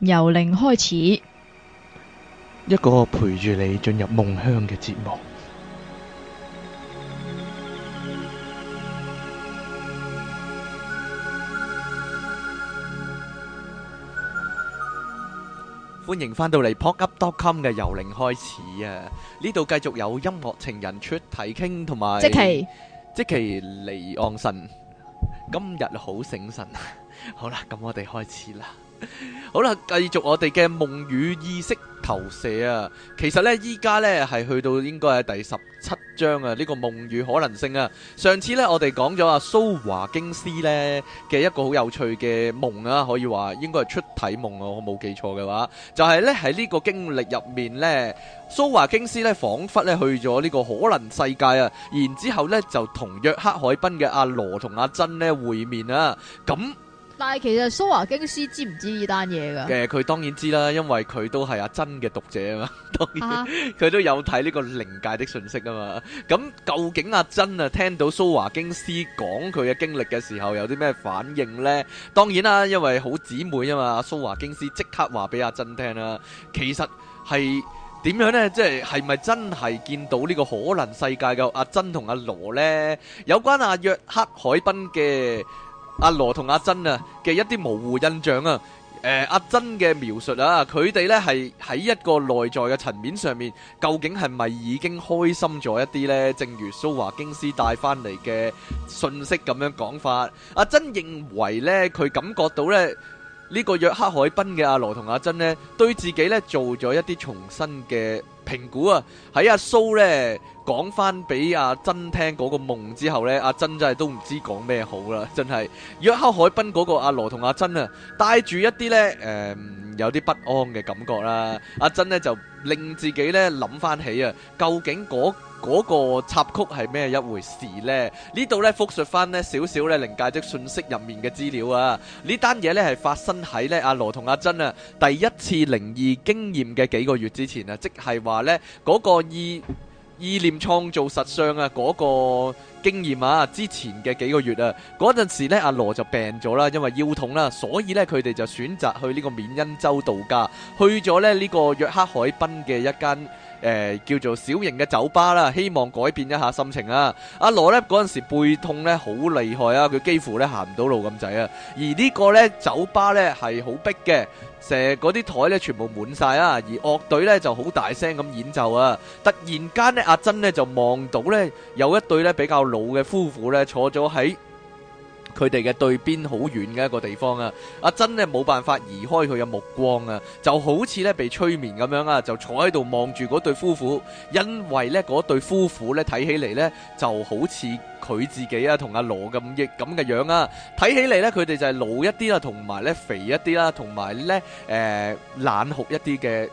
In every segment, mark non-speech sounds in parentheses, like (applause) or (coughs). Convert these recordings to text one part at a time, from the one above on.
由零開始，一個陪住你進入夢鄉嘅節目。歡迎返到嚟 podcast.com 嘅由零開始啊！呢度繼續有音樂情人出題傾同埋，即期即期離岸神。今日好醒神，好啦，咁我哋開始啦。 (laughs) 好啦，繼續我哋嘅夢與意識投射啊！其實呢，依家呢係去到應該係第十七章啊。呢、這個夢與可能性啊，上次呢我哋講咗阿蘇華京斯呢嘅一個好有趣嘅夢啊，可以話應該係出體夢啊，我冇記錯嘅話，就係、是、呢喺呢個經歷入面呢，蘇華京斯呢，仿佛呢去咗呢個可能世界啊，然之後咧就同約克海濱嘅阿羅同阿珍呢會面啊，咁。但係其實蘇華京師知唔知呢單嘢噶？誒、嗯，佢當然知啦，因為佢都係阿珍嘅讀者啊嘛，當然佢、uh -huh. (laughs) 都有睇呢個靈界的信息啊嘛。咁究竟阿珍啊聽到蘇華京師講佢嘅經歷嘅時候有啲咩反應呢？當然啦，因為好姊妹啊嘛，蘇華京師即刻話俾阿珍聽啦，啊。其實係點樣呢？即係係咪真係見到呢個可能世界嘅阿珍同阿羅呢？有關阿、啊、約克海濱嘅。阿羅同阿珍啊嘅一啲模糊印象啊，誒、呃，阿珍嘅描述啊，佢哋呢係喺一個內在嘅層面上面，究竟係咪已經開心咗一啲呢？正如蘇華京師帶翻嚟嘅信息咁樣講法，阿珍認為呢，佢感覺到呢呢、這個約克海濱嘅阿羅同阿珍呢，對自己呢做咗一啲重新嘅。評估啊，喺阿蘇咧講翻俾阿珍聽嗰個夢之後咧，阿珍真係都唔知講咩好啦，真係約克海濱嗰個阿羅同阿珍啊，帶住一啲咧誒有啲不安嘅感覺啦。阿珍呢就令自己咧諗翻起啊，究竟嗰、嗰個插曲係咩一回事呢？這裡呢度咧復述翻呢少少咧靈界的訊息入面嘅資料啊，這事呢單嘢咧係發生喺咧阿羅同阿珍啊第一次靈異經驗嘅幾個月之前啊，即係話。嗰、那個意意念創造實相啊，嗰、那個經驗啊，之前嘅幾個月啊，嗰陣時呢，阿羅就病咗啦，因為腰痛啦，所以呢，佢哋就選擇去呢個緬恩州度假，去咗咧呢、這個約克海濱嘅一間。誒、呃、叫做小型嘅酒吧啦，希望改變一下心情啊！阿、啊、羅呢嗰陣時背痛呢，好厲害啊，佢幾乎呢行唔到路咁滯啊。而呢個呢酒吧呢，係好逼嘅，成嗰啲台呢全部滿晒啊。而樂隊呢就好大聲咁演奏啊。突然間呢，阿珍呢就望到呢有一對呢比較老嘅夫婦呢坐咗喺佢哋嘅對邊好遠嘅一個地方啊！阿珍呢冇辦法移開佢嘅目光啊，就好似咧被催眠咁樣啊，就坐喺度望住嗰對夫婦，因為咧嗰對夫婦咧睇起嚟咧就好似佢自己啊，同阿羅咁亦咁嘅樣啊，睇起嚟咧佢哋就係老一啲啦，同埋咧肥一啲啦，同埋咧誒冷酷一啲嘅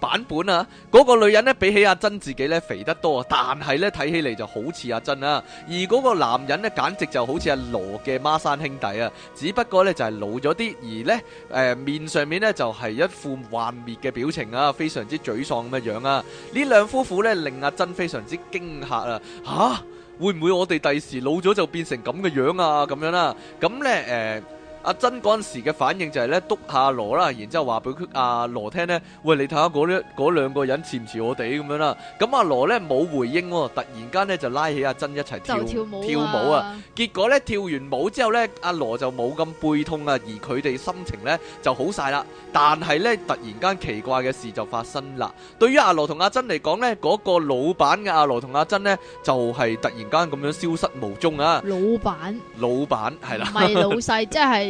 版本啊，嗰個女人呢，比起阿珍自己呢，肥得多啊，但係呢，睇起嚟就好似阿珍啊，而嗰個男人呢，簡直就好似阿羅嘅孖生兄弟啊，只不過呢，就係老咗啲，而呢誒面上面呢，就係一副幻滅嘅表情啊，非常之沮喪咁嘅樣啊，呢兩夫婦呢，令阿珍非常之驚嚇啊，吓，會唔會我哋第時老咗就變成咁嘅樣啊？咁樣啦，咁呢。誒。阿珍嗰陣時嘅反應就係咧，篤下羅啦，然之後話俾阿羅聽咧，喂，你睇下嗰啲嗰兩個人似唔似我哋咁樣啦？咁阿羅咧冇回應，突然間咧就拉起阿珍一齊跳跳舞啊！結果咧，跳完舞之後咧，阿羅就冇咁悲痛啊，而佢哋心情咧就好晒啦。但係咧，突然間奇怪嘅事就發生啦。對於阿羅同阿珍嚟講咧，嗰個老板嘅阿羅同阿珍咧就係突然間咁樣消失無蹤啊！老板，老板係啦，唔係老細，即係。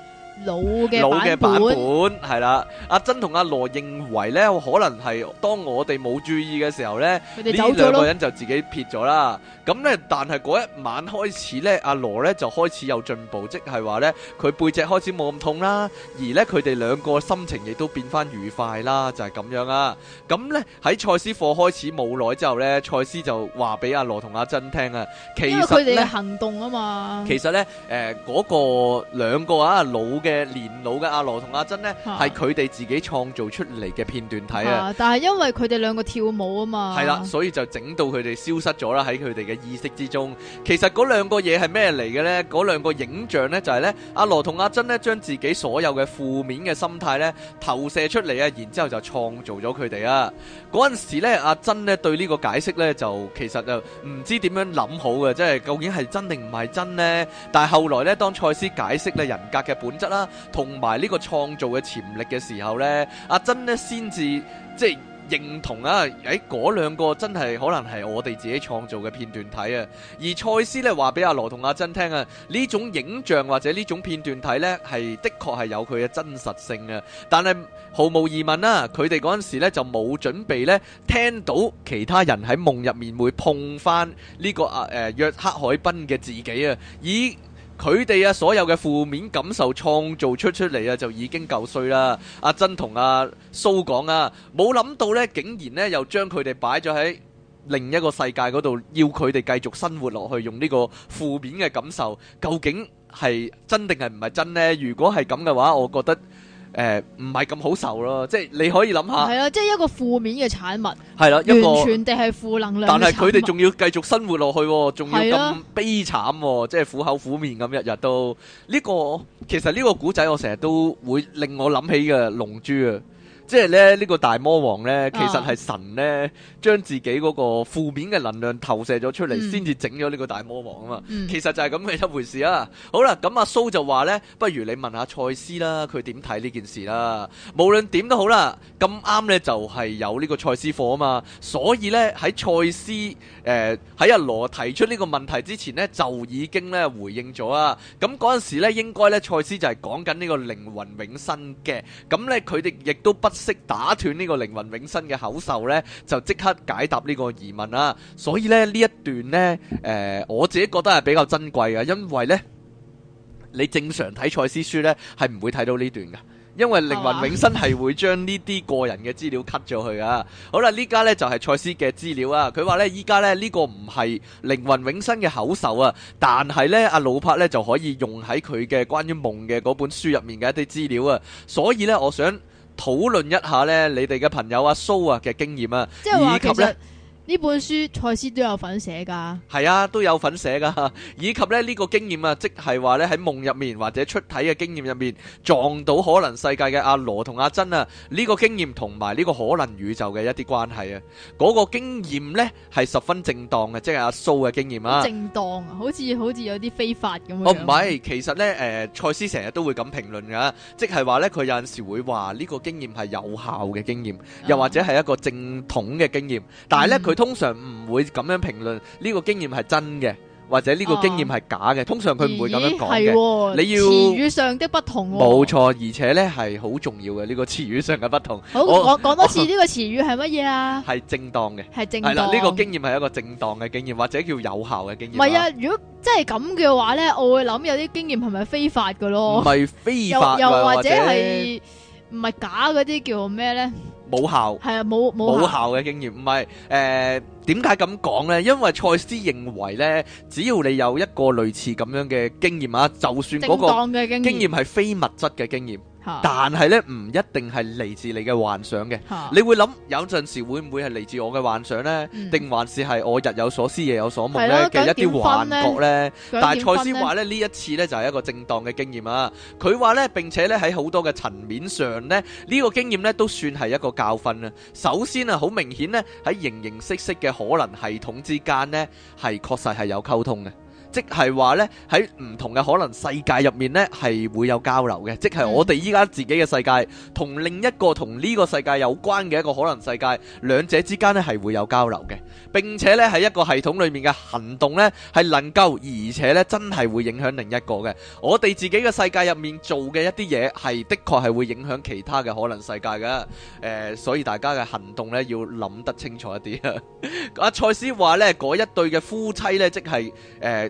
老嘅版本係啦，阿珍同阿羅認為咧，可能係當我哋冇注意嘅時候咧，呢兩個人就自己撇咗啦。咁咧，但係嗰一晚開始咧，阿羅咧就開始有進步，即係話咧，佢背脊開始冇咁痛啦，而咧佢哋兩個心情亦都變翻愉快啦，就係咁樣啦。咁咧喺賽斯課開始冇耐之後咧，賽斯就話俾阿羅同阿珍聽啊，其實咧行動啊嘛，其實咧誒嗰個兩個啊老嘅。年老嘅阿羅同阿珍呢，係佢哋自己創造出嚟嘅片段睇啊！但係因為佢哋兩個跳舞啊嘛，係啦，所以就整到佢哋消失咗啦喺佢哋嘅意識之中。其實兩個嘢係咩嚟嘅呢？兩個影像呢，就係呢阿羅同阿珍呢將自己所有嘅負面嘅心態呢投射出嚟啊！然之後就創造咗佢哋啊！陣時候呢阿珍呢對呢個解釋呢，就其實就唔知點樣諗好嘅，即係究竟係真定唔係真呢？但係後來呢，當賽斯解釋咧人格嘅本質。啦，同埋呢個創造嘅潛力嘅時候呢，阿珍咧先至即係認同啊！喺嗰兩個真係可能係我哋自己創造嘅片段體啊，而賽斯咧話俾阿羅同阿珍聽啊，呢種影像或者呢種片段體呢，係的確係有佢嘅真實性啊，但係毫無疑問啦，佢哋嗰陣時咧就冇準備呢，聽到其他人喺夢入面會碰返呢、這個啊誒、呃、約克海濱嘅自己啊，以。佢哋啊，所有嘅負面感受創造出出嚟啊，就已經夠衰啦！阿珍同阿蘇講啊，冇諗到呢，竟然呢又將佢哋擺咗喺另一個世界嗰度，要佢哋繼續生活落去，用呢個負面嘅感受，究竟係真定係唔係真呢？如果係咁嘅話，我覺得。誒、呃，唔係咁好受咯，即係你可以諗下，係啊，即係一個負面嘅產物，係啦，完全地係負能量。但係佢哋仲要繼續生活落去，仲要咁悲慘，即係苦口苦面咁日日都。呢、這個其實呢個古仔，我成日都會令我諗起嘅龍珠啊。即係咧，呢、這個大魔王咧，其實係神咧，將自己嗰個負面嘅能量投射咗出嚟，先至整咗呢個大魔王啊嘛、嗯。其實就係咁嘅一回事啊。好啦，咁阿蘇就話咧，不如你問下賽斯啦，佢點睇呢件事啦。無論點都好啦，咁啱咧就係有呢個賽斯課啊嘛。所以咧喺賽斯誒，喺阿羅提出呢個問題之前咧就已經咧回應咗啊，咁陣時咧應該咧賽斯就係講緊呢個靈魂永生嘅。咁咧佢哋亦都不。識打斷呢個靈魂永生嘅口授呢就即刻解答呢個疑問啦。所以咧呢一段呢，誒、呃，我自己覺得係比較珍貴啊，因為呢你正常睇賽斯書呢，係唔會睇到呢段嘅，因為靈魂永生係會將呢啲個人嘅資料 cut 咗去啊。好啦，呢家呢就係賽斯嘅資料啊。佢話呢，依、就、家、是、呢，呢、這個唔係靈魂永生嘅口授啊，但係呢，阿魯柏呢就可以用喺佢嘅關於夢嘅嗰本書入面嘅一啲資料啊。所以呢，我想。討論一下咧，你哋嘅朋友阿蘇啊嘅經驗啊，就是、以及咧。呢本書賽斯都有份寫噶，係啊，都有份寫噶，以及咧呢個經驗啊，即係話咧喺夢入面或者出體嘅經驗入面撞到可能世界嘅阿、啊、羅同阿珍啊，呢、這個經驗同埋呢個可能宇宙嘅一啲關係啊，嗰、那個經驗咧係十分正當嘅，即係阿蘇嘅經驗啊，正當啊，好似好似有啲非法咁樣。哦，唔係，其實咧，誒、呃，賽斯成日都會咁評論噶，即係話咧佢有陣時會話呢個經驗係有效嘅經驗、嗯，又或者係一個正統嘅經驗，但係咧佢。嗯佢通常唔會咁樣評論呢個經驗係真嘅，或者呢個經驗係假嘅。啊、通常佢唔會咁樣講嘅。你要詞語上的不同哦。冇錯，而且咧係好重要嘅呢個詞語上嘅不同。好，講講多次呢個詞語係乜嘢啊？係正當嘅，係正當。係啦，呢個經驗係一個正當嘅經驗，或者叫有效嘅經驗。唔係啊，如果真係咁嘅話咧，我會諗有啲經驗係咪非法嘅咯？唔係非法的 (laughs) 又，又或者係唔係假嗰啲叫咩咧？冇效，係啊，冇冇效嘅經驗，唔係，誒，點解咁講呢？因為賽斯認為呢，只要你有一個類似咁樣嘅經驗啊，就算嗰個經驗係非物質嘅經驗但係咧，唔一定係嚟自你嘅幻想嘅，啊。你會諗有陣時會唔會係嚟自我嘅幻想呢？定、嗯、還是係我日有所思夜有所夢呢嘅一啲幻覺呢？那個、呢但係賽斯話咧呢一次、那個、呢就係一個正當嘅經驗啊！佢話呢，並且呢喺好多嘅層面上呢，呢、呢個經驗呢都算係一個教訓啊！首先啊，好明顯呢，喺形形色色嘅可能系統之間呢，係確實係有溝通嘅。即係話呢，喺唔同嘅可能世界入面呢，係會有交流嘅，即係我哋依家自己嘅世界同另一個同呢個世界有關嘅一個可能世界，兩者之間呢係會有交流嘅，並且呢，喺一個系統裏面嘅行動呢，係能夠而且呢，真係會影響另一個嘅，我哋自己嘅世界入面做嘅一啲嘢係的確係會影響其他嘅可能世界㗎。誒、呃，所以大家嘅行動呢，要諗得清楚一啲啊。阿賽斯話呢，嗰一對嘅夫妻呢，即係誒。呃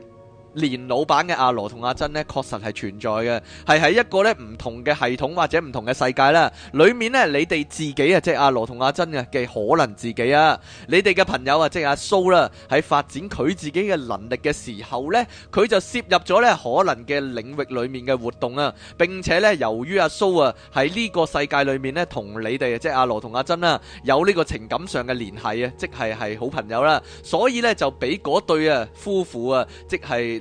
連老闆嘅阿羅同阿珍呢，確實係存在嘅，係喺一個呢，唔同嘅系統或者唔同嘅世界啦。裏面呢，你哋自己啊，即係阿羅同阿珍嘅嘅可能自己啊，你哋嘅朋友啊，即係阿蘇啦，喺發展佢自己嘅能力嘅時候呢，佢就涉入咗呢可能嘅領域裏面嘅活動啊，並且呢，由於阿蘇啊，喺呢個世界裏面呢，同你哋即係阿羅同阿珍啊，有呢個情感上嘅聯繫啊，即係係好朋友啦，所以呢，就俾嗰對啊夫婦啊，即係。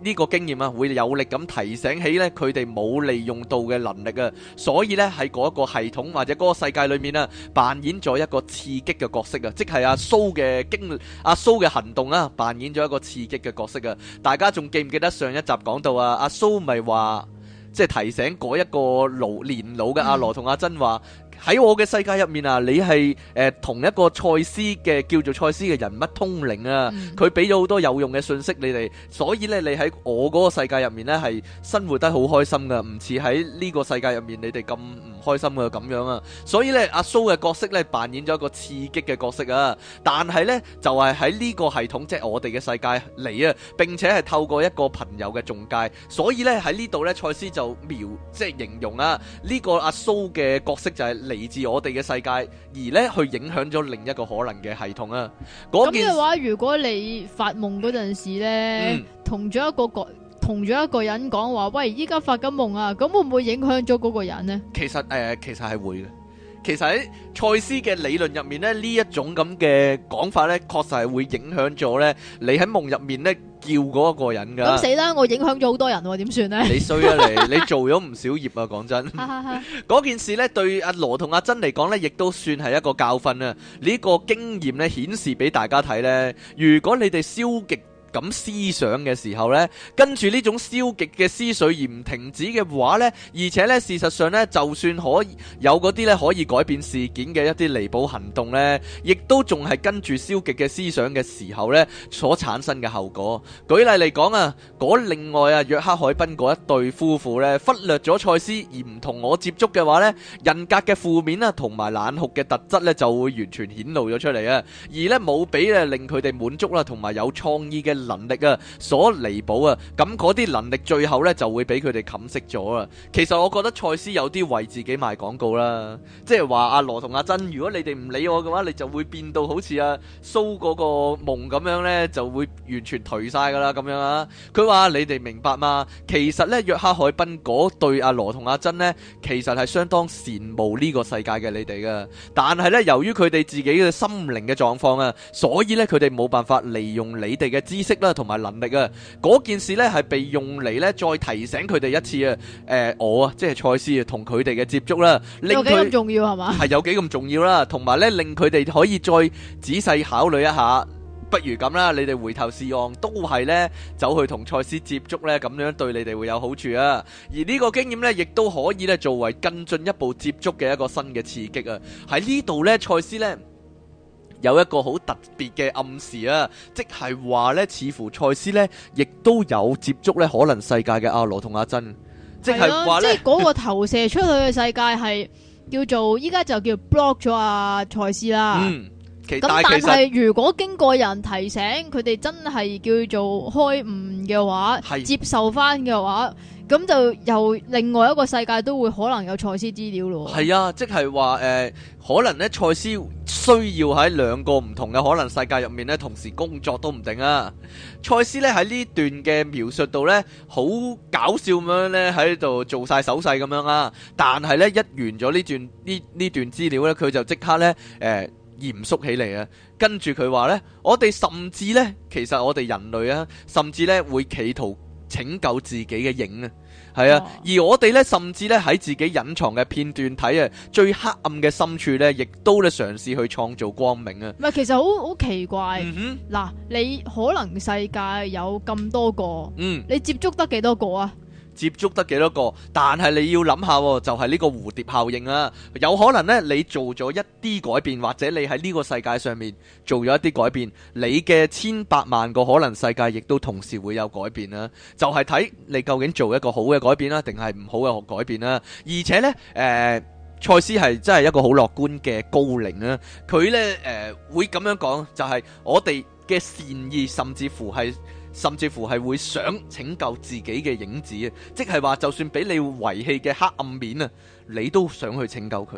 呢個經驗啊，會有力咁提醒起咧佢哋冇利用到嘅能力啊，所以呢喺嗰一個系統或者嗰個世界裏面啊，扮演咗一個刺激嘅角色啊，即係阿蘇嘅經阿蘇嘅行動啦，扮演咗一個刺激嘅角色啊，大家仲記唔記得上一集講到啊？阿蘇咪話即係提醒嗰一個老年老嘅阿羅同阿珍話。喺我嘅世界入面啊，你係誒、呃、同一個賽斯嘅叫做賽斯嘅人物通靈啊，佢俾咗好多有用嘅信息你哋，所以咧你喺我個世界入面咧係生活得好開心噶，唔似喺呢個世界入面你哋咁唔開心噶咁樣啊，所以咧阿蘇嘅角色咧扮演咗一個刺激嘅角色啊，但係咧就係喺呢個系統即係、就是、我哋嘅世界嚟啊，並且係透過一個朋友嘅中介，所以咧喺呢度咧賽斯就描即係、就是、形容啊呢、這個阿蘇嘅角色就係、是。嚟自我哋嘅世界，而咧去影響咗另一個可能嘅系統啊！咁嘅話，如果你發夢嗰陣時咧，同咗一個同咗一個人講話，喂，依家發緊夢啊，咁會唔會影響咗嗰個人咧？其實誒，其實係會嘅。其實喺賽斯嘅理論入面咧，呢一種咁嘅講法咧，確實係會影響咗咧。你喺夢入面咧。叫嗰個人噶，咁死啦！我影響咗好多人喎，啊，點算呢？你衰啊你！你做咗唔少業啊，講 (laughs) 真的。嗰 (laughs) 件事呢，對阿羅同阿珍嚟講呢，亦都算係一個教訓啊！呢、呢個經驗呢，顯示俾大家睇呢，如果你哋消極咁思想嘅時候咧，跟住呢種消極嘅思緒而唔停止嘅話咧，而且咧，事實上咧，就算可以有嗰啲咧，可以改變事件嘅一啲彌補行動咧，亦都仲係跟住消極嘅思想嘅時候咧，所產生嘅後果。舉例嚟講啊，嗰另外啊，約克海濱嗰一對夫婦咧，忽略咗賽斯而唔同我接觸嘅話咧，人格嘅負面啊同埋冷酷嘅特質咧，就會完全顯露咗出嚟啊！而咧，冇俾誒令佢哋滿足啦同埋有創意嘅。能力啊，所彌補啊，咁嗰啲能力最後咧就會俾佢哋冚熄咗啦。其實我覺得賽斯有啲為自己賣廣告啦，即係話，阿羅同阿珍如果你哋唔理我嘅話，你就會變到好似阿蘇嗰個夢咁樣咧，就會完全頹晒噶啦咁樣啊。佢話你哋明白嘛？其實咧，約克海濱嗰對阿羅同阿珍咧，其實係相當羨慕呢個世界嘅你哋噶，但係咧由於佢哋自己嘅心靈嘅狀況啊，所以咧佢哋冇辦法利用你哋嘅資。識啦，同埋能力啊，嗰件事咧係被用嚟咧再提醒佢哋一次啊！誒，我啊，即係賽斯啊，同佢哋嘅接觸啦，令佢有幾咁重要係嘛？係有幾咁重要啦，同埋咧令佢哋可以再仔細考慮一下。不如咁啦，你哋回頭是岸，都係咧走去同賽斯接觸咧，咁樣對你哋會有好處啊。而呢個經驗咧，亦都可以咧作為更進一步接觸嘅一個新嘅刺激啊。喺呢度咧，賽斯咧。有一個好特別嘅暗示啊，即係話咧，似乎賽斯咧，亦都有接觸咧，可能世界嘅阿羅同阿珍，啊即係、呢即係話即係嗰個投射出去嘅世界係叫做依家就叫 block 咗啊，賽斯啦、嗯。咁但係如果經過人提醒，佢哋真係叫做開悟嘅話，接受返嘅話，咁就又另外一個世界都會可能有賽斯資料咯。係啊，即係話誒，可能呢賽斯需要喺兩個唔同嘅可能世界入面呢同時工作都唔定啊。賽斯呢喺呢段嘅描述度呢，好搞笑咁樣呢，喺度做晒手勢咁樣啊。但係呢，一完咗呢段呢呢段資料呢，佢就即刻呢。誒、呃。嚴肅起嚟啊！跟住佢話呢：「我哋甚至呢，其實我哋人類啊，甚至呢會企圖拯救自己嘅影啊，係啊，啊而我哋呢，甚至呢喺自己隱藏嘅片段睇啊，最黑暗嘅深處呢，亦都呢嘗試去創造光明啊！唔係其實好好奇怪，嗱、嗯，你可能世界有咁多個，你接觸得幾多個啊？接觸得幾多個？但係你要諗下，就係、是、呢個蝴蝶效應啦。有可能呢，你做咗一啲改變，或者你喺呢個世界上面做咗一啲改變，你嘅千百萬個可能世界亦都同時會有改變啦。就係、是、睇你究竟做一個好嘅改變啦，定係唔好嘅改變啦。而且呢，誒、呃，賽斯係真係一個好樂觀嘅高靈啦。佢呢誒、呃、會咁樣講，就係、是、我哋嘅善意，甚至乎係。甚至乎係會想拯救自己嘅影子啊，即係話就算俾你遺棄嘅黑暗面啊，你都想去拯救佢。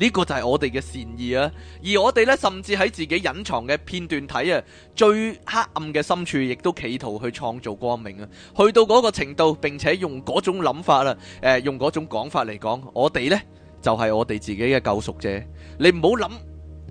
呢個就係我哋嘅善意啊。而我哋呢，甚至喺自己隱藏嘅片段睇啊，最黑暗嘅深處，亦都企圖去創造光明啊。去到嗰個程度，並且用嗰種諗法啦，誒、呃，用嗰種講法嚟講，我哋呢，就係我哋自己嘅救贖者。你唔好諗。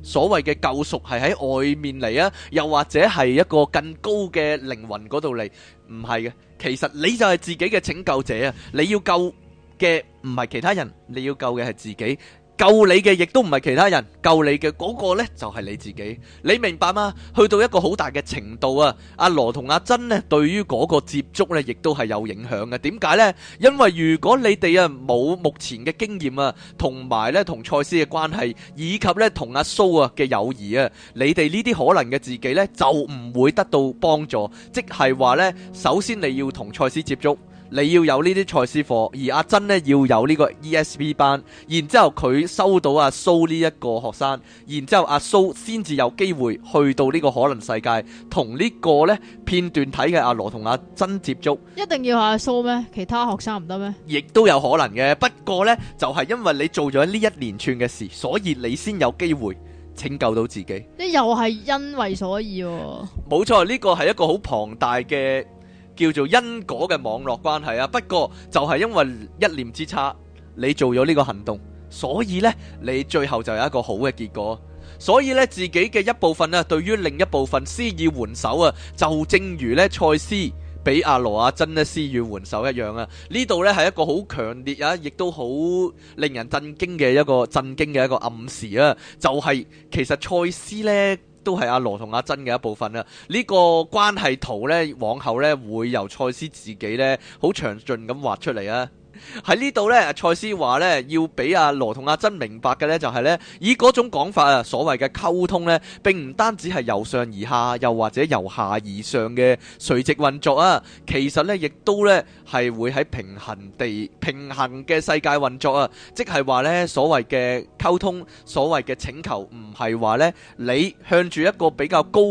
所謂嘅救贖係喺外面嚟啊，又或者係一個更高嘅靈魂嗰度嚟，唔係嘅。其實你就係自己嘅拯救者啊！你要救嘅唔係其他人，你要救嘅係自己。救你嘅亦都唔係其他人，救你嘅嗰個咧就係你自己，你明白嗎？去到一個好大嘅程度啊，阿羅同阿珍咧，對於嗰個接觸咧，亦都係有影響嘅。點解咧？因為如果你哋啊冇目前嘅經驗啊，同埋咧同賽斯嘅關係，以及咧同阿蘇啊嘅友誼啊，你哋呢啲可能嘅自己咧就唔會得到幫助。即係話咧，首先你要同賽斯接觸。你要有呢啲賽事課，而阿珍呢，要有呢個 E S P 班，然之後佢收到阿蘇呢一個學生，然之後阿蘇先至有機會去到呢個可能世界，同呢個呢片段睇嘅阿羅同阿珍接觸。一定要阿蘇咩？其他學生唔得咩？亦都有可能嘅，不過呢，就係、是、因為你做咗呢一連串嘅事，所以你先有機會拯救到自己。你又係因為所以、哦？冇錯，呢個係一個好龐大嘅。叫做因果嘅網絡關係啊，不過就係因為一念之差，你做咗呢個行動，所以呢，你最後就有一個好嘅結果，所以呢，自己嘅一部分啊，對於另一部分施以援手啊，就正如呢賽斯俾阿羅阿珍呢施以援手一樣啊。呢度呢，係一個好強烈啊，亦都好令人震驚嘅一個震驚嘅一個暗示啊，就係、是、其實賽斯呢。都係阿羅同阿珍嘅一部分啦。呢、呢個關係圖呢，往後呢會由賽斯自己呢，好詳盡咁畫出嚟啊。喺呢度呢，蔡思華呢，要俾阿羅同阿珍明白嘅呢，就係、是、呢：以嗰種講法啊，所謂嘅溝通呢，並唔單止係由上而下，又或者由下而上嘅垂直運作啊，其實呢，亦都呢，係會喺平衡地、平衡嘅世界運作啊，即係話呢，所謂嘅溝通，所謂嘅請求，唔係話呢，你向住一個比較高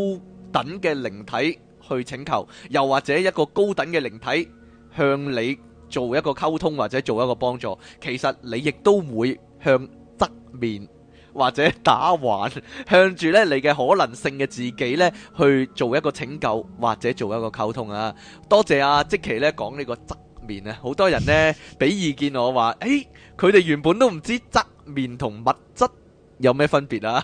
等嘅靈體去請求，又或者一個高等嘅靈體向你。做一個溝通或者做一個幫助，其實你亦都會向側面或者打橫，向住咧你嘅可能性嘅自己去做一個拯救或者做一個溝通啊！多謝阿、啊、即奇咧講呢個側面啊，好多人呢，俾意見我話，誒、哎，佢哋原本都唔知側面同物質。有咩分別啊？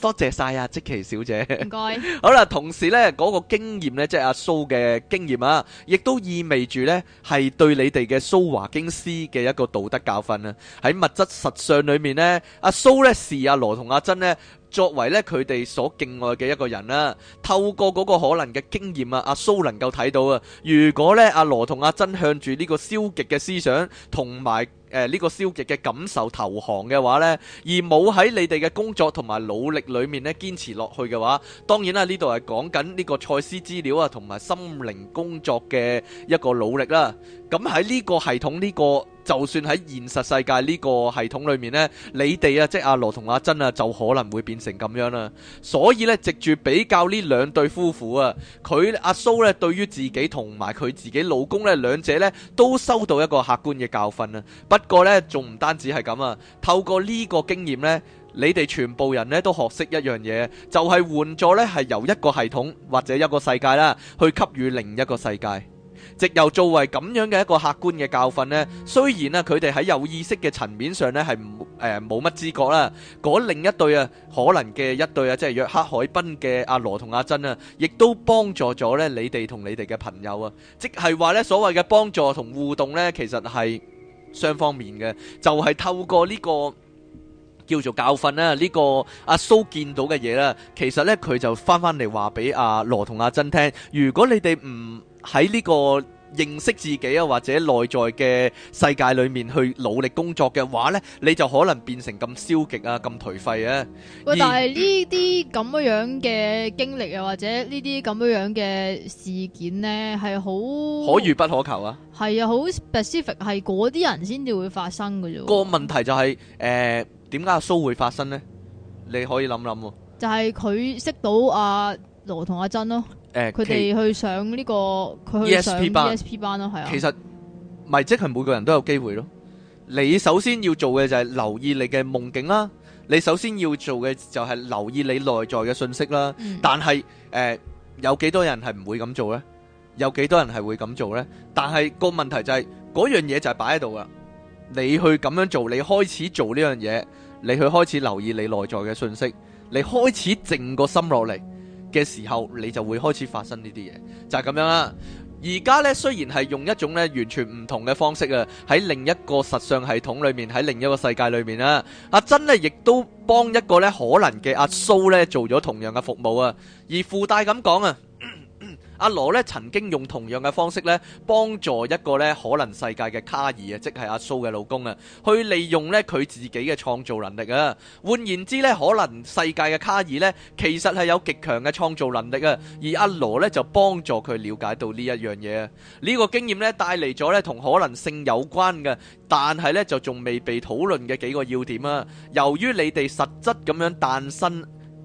多謝晒啊，積琪小姐，唔該。好啦，同時咧嗰個經驗咧，即係阿蘇嘅經驗啊，亦都意味住咧係對你哋嘅蘇華經師嘅一個道德教訓啦。喺物質實相裏面咧，阿蘇咧視阿羅同阿珍咧作為咧佢哋所敬愛嘅一個人啦。透過嗰個可能嘅經驗啊，阿蘇能夠睇到啊，如果咧阿羅同阿珍向住呢個消極嘅思想同埋，誒，呢個消極嘅感受投降嘅話咧，而冇喺你哋嘅工作同埋努力裏面咧堅持落去嘅話，當然啦，呢度係講緊呢個賽斯資料啊，同埋心靈工作嘅一個努力啦。咁喺呢個系統呢個，就算喺現實世界呢個系統裏面咧，你哋啊，即係阿羅同阿珍啊，就可能會變成咁樣啦。所以咧，藉住比較呢兩對夫婦啊，佢阿蘇咧對於自己同埋佢自己老公咧兩者咧都收到一個客觀嘅教訓啊。不不過咧仲唔單止係咁啊！透過呢個經驗呢，你哋全部人呢都學識一樣嘢，就係援助呢係由一個系統或者一個世界啦，去給予另一個世界。藉由作為咁樣嘅一個客觀嘅教訓呢，雖然呢，佢哋喺有意識嘅層面上呢係唔誒冇乜知覺啦。嗰另一對啊，可能嘅一對啊，即係約克海濱嘅阿羅同阿珍啊，亦都幫助咗呢你哋同你哋嘅朋友啊，即係話呢，所謂嘅幫助同互動呢，其實係。雙方面嘅，就係、是、透過呢個叫做教訓啦，呢、這個阿蘇見到嘅嘢啦，其實呢，佢就翻翻嚟話俾阿羅同阿珍聽，如果你哋唔喺呢個，認識自己啊，或者內在嘅世界裏面去努力工作嘅話咧，你就可能變成咁消極啊，咁頹廢啊。喂，但係呢啲咁樣嘅經歷啊，或者呢啲咁樣嘅事件咧，係好可遇不可求啊。係啊，好 specific，係嗰啲人先至會發生嘅啫。個問題就係誒，點解阿蘇會發生咧？你可以諗諗啊。就係佢識到阿羅同阿珍咯。誒，佢哋去上呢、這個佢去上 E S P 班咯，係啊。其實咪即係每個人都有機會咯。你首先要做嘅就係留意你嘅夢境啦，你首先要做嘅就係留意你內在嘅信息啦、嗯呃。但係誒，有幾多人係唔會咁做咧？有幾多人係會咁做咧？但係個問題就係、是、嗰樣嘢就係擺喺度㗎。你去咁樣做，你開始做呢樣嘢，你去開始留意你內在嘅信息，你開始靜個心落嚟。嘅時候，你就會開始發生呢啲嘢，就係、是、咁樣啦。而家呢，雖然係用一種呢完全唔同嘅方式啊，喺另一個實相系統裏面，喺另一個世界裏面啊，阿珍呢亦都幫一個呢可能嘅阿蘇呢做咗同樣嘅服務啊，而附帶咁講啊。阿羅咧，曾經用同樣嘅方式咧，幫助一個咧可能世界嘅卡爾啊，即係阿蘇嘅老公啊，去利用咧佢自己嘅創造能力啊。換言之咧，可能世界嘅卡爾咧，其實係有極強嘅創造能力啊。而阿羅咧就幫助佢了解到呢一樣嘢。呢個經驗咧帶嚟咗咧同可能性有關嘅，但係咧就仲未被討論嘅幾個要點啊。由於你哋實質咁樣誕生。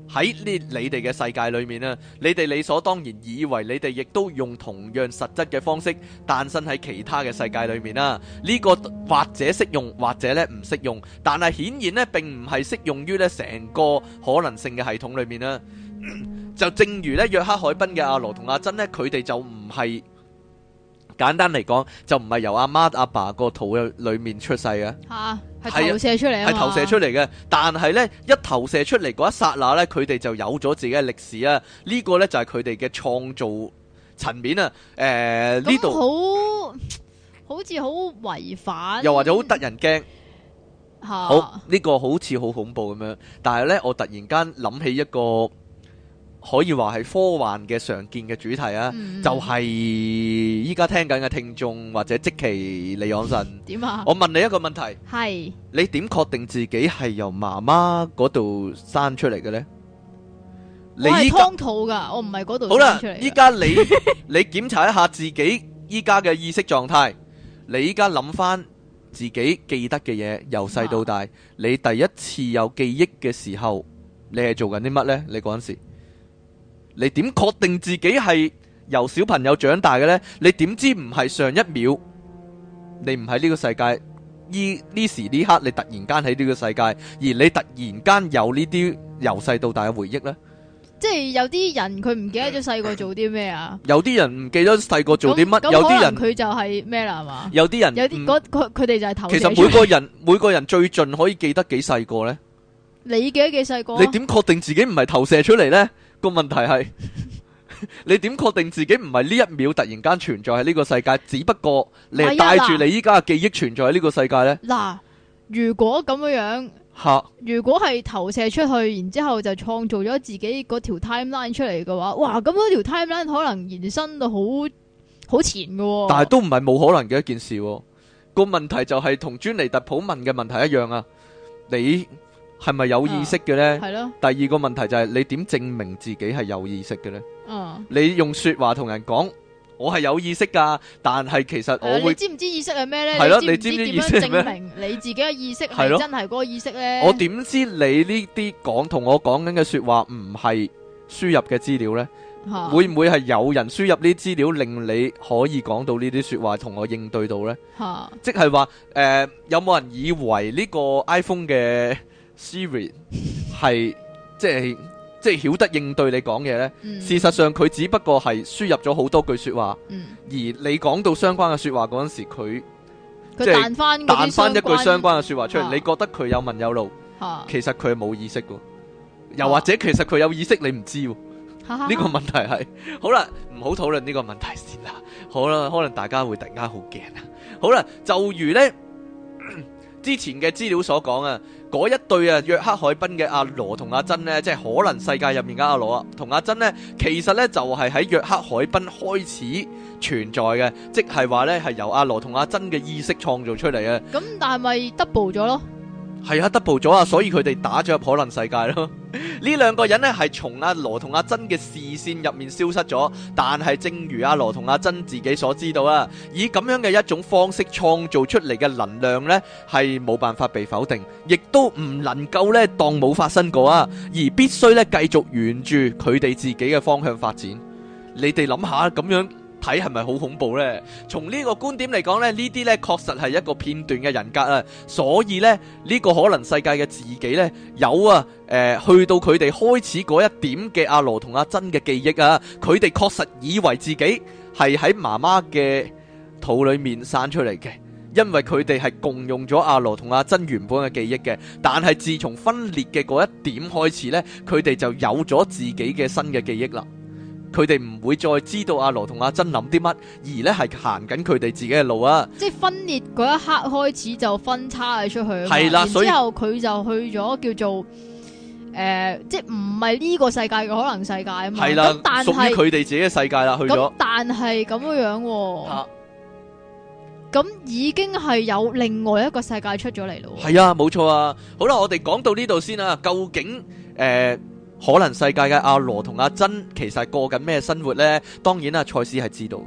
喺呢你哋嘅世界裏面啦，你哋理所當然以為你哋亦都用同樣實質嘅方式誕生喺其他嘅世界裏面啦。呢個或者適用，或者咧唔適用，但係顯然咧並唔係適用於咧成個可能性嘅系統裏面啦。就正如咧約克海濱嘅阿羅同阿珍咧，佢哋就唔係簡單嚟講，就唔係由阿媽阿爸個肚嘅裏面出世嘅。吓！係啊，射出嚟係投射出嚟嘅，但係呢，一投射出嚟嗰一剎那，呢佢哋就有咗自己嘅歷史啊！呢、這個呢，就係佢哋嘅創造層面啊！誒、嗯，呢度好好似好違反，又或者好得人驚。好呢、這個好似好恐怖咁樣，但係呢，我突然間諗起一個。可以話係科幻嘅常見嘅主題啊，嗯、就係依家聽緊嘅聽眾或者即期李昂晨點啊？我問你一個問題，係你點確定自己係由媽媽嗰度生出嚟嘅呢？我係湯土噶，我唔係嗰度。好啦。依家你你檢查一下自己依家嘅意識狀態， (laughs) 你依家諗翻自己記得嘅嘢，由細到大，你第一次有記憶嘅時候，你係做緊啲乜呢？你嗰陣時。你點確定自己係由小朋友長大嘅咧？你點知唔係上一秒你唔喺呢個世界？而呢時呢刻你突然間喺呢個世界，而你突然間有呢啲由細到大嘅回憶咧？即係有啲人佢唔記得咗細個做啲咩啊？有啲人唔記得細個做啲乜？有啲人佢就係咩啦？係嘛？有啲人有啲嗰佢佢哋就係頭。其實每個人每個人最盡可以記得幾細個咧？你幾多幾細個？你點確定自己唔係投射出嚟呢？個問題係 (laughs) 你點確定自己唔係呢一秒突然間存在喺呢個世界？只不過你帶住你依家嘅記憶存在喺呢個世界呢？嗱、哎，如果咁樣樣，吓，如果係投射出去，然之後就創造咗自己嗰條 timeline 出嚟嘅話，哇！咁嗰條 timeline 可能延伸到好好前嘅、哦。但係都唔係冇可能嘅一件事、哦。個問題就係同尊尼特普問嘅問題一樣啊，你。係咪有意識嘅呢？係咯。第二個問題就係你點證明自己係有意識嘅呢？Uh, 你用說話同人講，我係有意識噶，但係其實我會、uh, 你知唔知意識係咩呢？係咯，你知唔知點樣證明你自己嘅意識係真係嗰個意識呢？我點知你呢啲講同我講緊嘅說話唔係輸入嘅資料呢？Uh, 會唔會係有人輸入呢啲資料令你可以講到呢啲說話同我應對到呢？Uh, 即係話誒，有冇人以為呢個 iPhone 嘅？Siri 係即係即係曉得應對你講嘢呢。嗯、事實上佢只不過係輸入咗好多句說話，嗯、而你講到相關嘅說話嗰陣時，佢即係彈翻一句相關嘅說話出嚟，啊、你覺得佢有問有路，啊、其實佢係冇意識嘅，啊、又或者其實佢有意識你唔知，呢、啊、個問題係、啊、好啦，唔好討論呢個問題先啦，好啦，可能大家會突然間好驚啊，好啦，就如呢。 (coughs) 之前嘅資料所講啊，嗰一對啊，約克海濱嘅阿羅同阿珍呢，即係可能世界入面嘅阿羅啊，同阿珍呢，其實呢就係喺約克海濱開始存在嘅，即係話呢係由阿羅同阿珍嘅意識創造出嚟嘅。咁但係咪 double 咗咯？係啊，double 咗啊，所以佢哋打咗入可能世界咯。呢兩個人呢，係從阿羅同阿珍嘅視線入面消失咗，但係正如阿羅同阿珍自己所知道啊，以咁樣嘅一種方式創造出嚟嘅能量呢，係冇辦法被否定，亦都唔能夠呢當冇發生過啊，而必須呢，繼續沿住佢哋自己嘅方向發展。你哋諗下咁樣。睇係咪好恐怖呢？從呢個觀點嚟講咧，呢啲咧確實係一個片段嘅人格啊。所以呢，呢個可能世界嘅自己呢，有啊，誒，去到佢哋開始嗰一點嘅阿羅同阿珍嘅記憶啊，佢哋確實以為自己係喺媽媽嘅肚裏面生出嚟嘅，因為佢哋係共用咗阿羅同阿珍原本嘅記憶嘅。但係自從分裂嘅嗰一點開始呢，佢哋就有咗自己嘅新嘅記憶啦。佢哋唔會再知道阿羅同阿珍諗啲乜，而咧係行緊佢哋自己嘅路啊！即係分裂嗰一刻開始就分叉出去，係啦、啊，之後佢就去咗叫做誒、呃，即係唔係呢個世界嘅可能世界啊嘛，係啦、啊，但係屬於佢哋自己嘅世界啦，去咗。但係咁樣樣、啊，咁、啊、已經係有另外一個世界出咗嚟咯。係啊，冇錯啊。好啦，我哋講到呢度先啦。究竟誒？呃可能世界嘅阿羅同阿珍其實是過緊咩生活呢？當然啦，蔡司係知道的，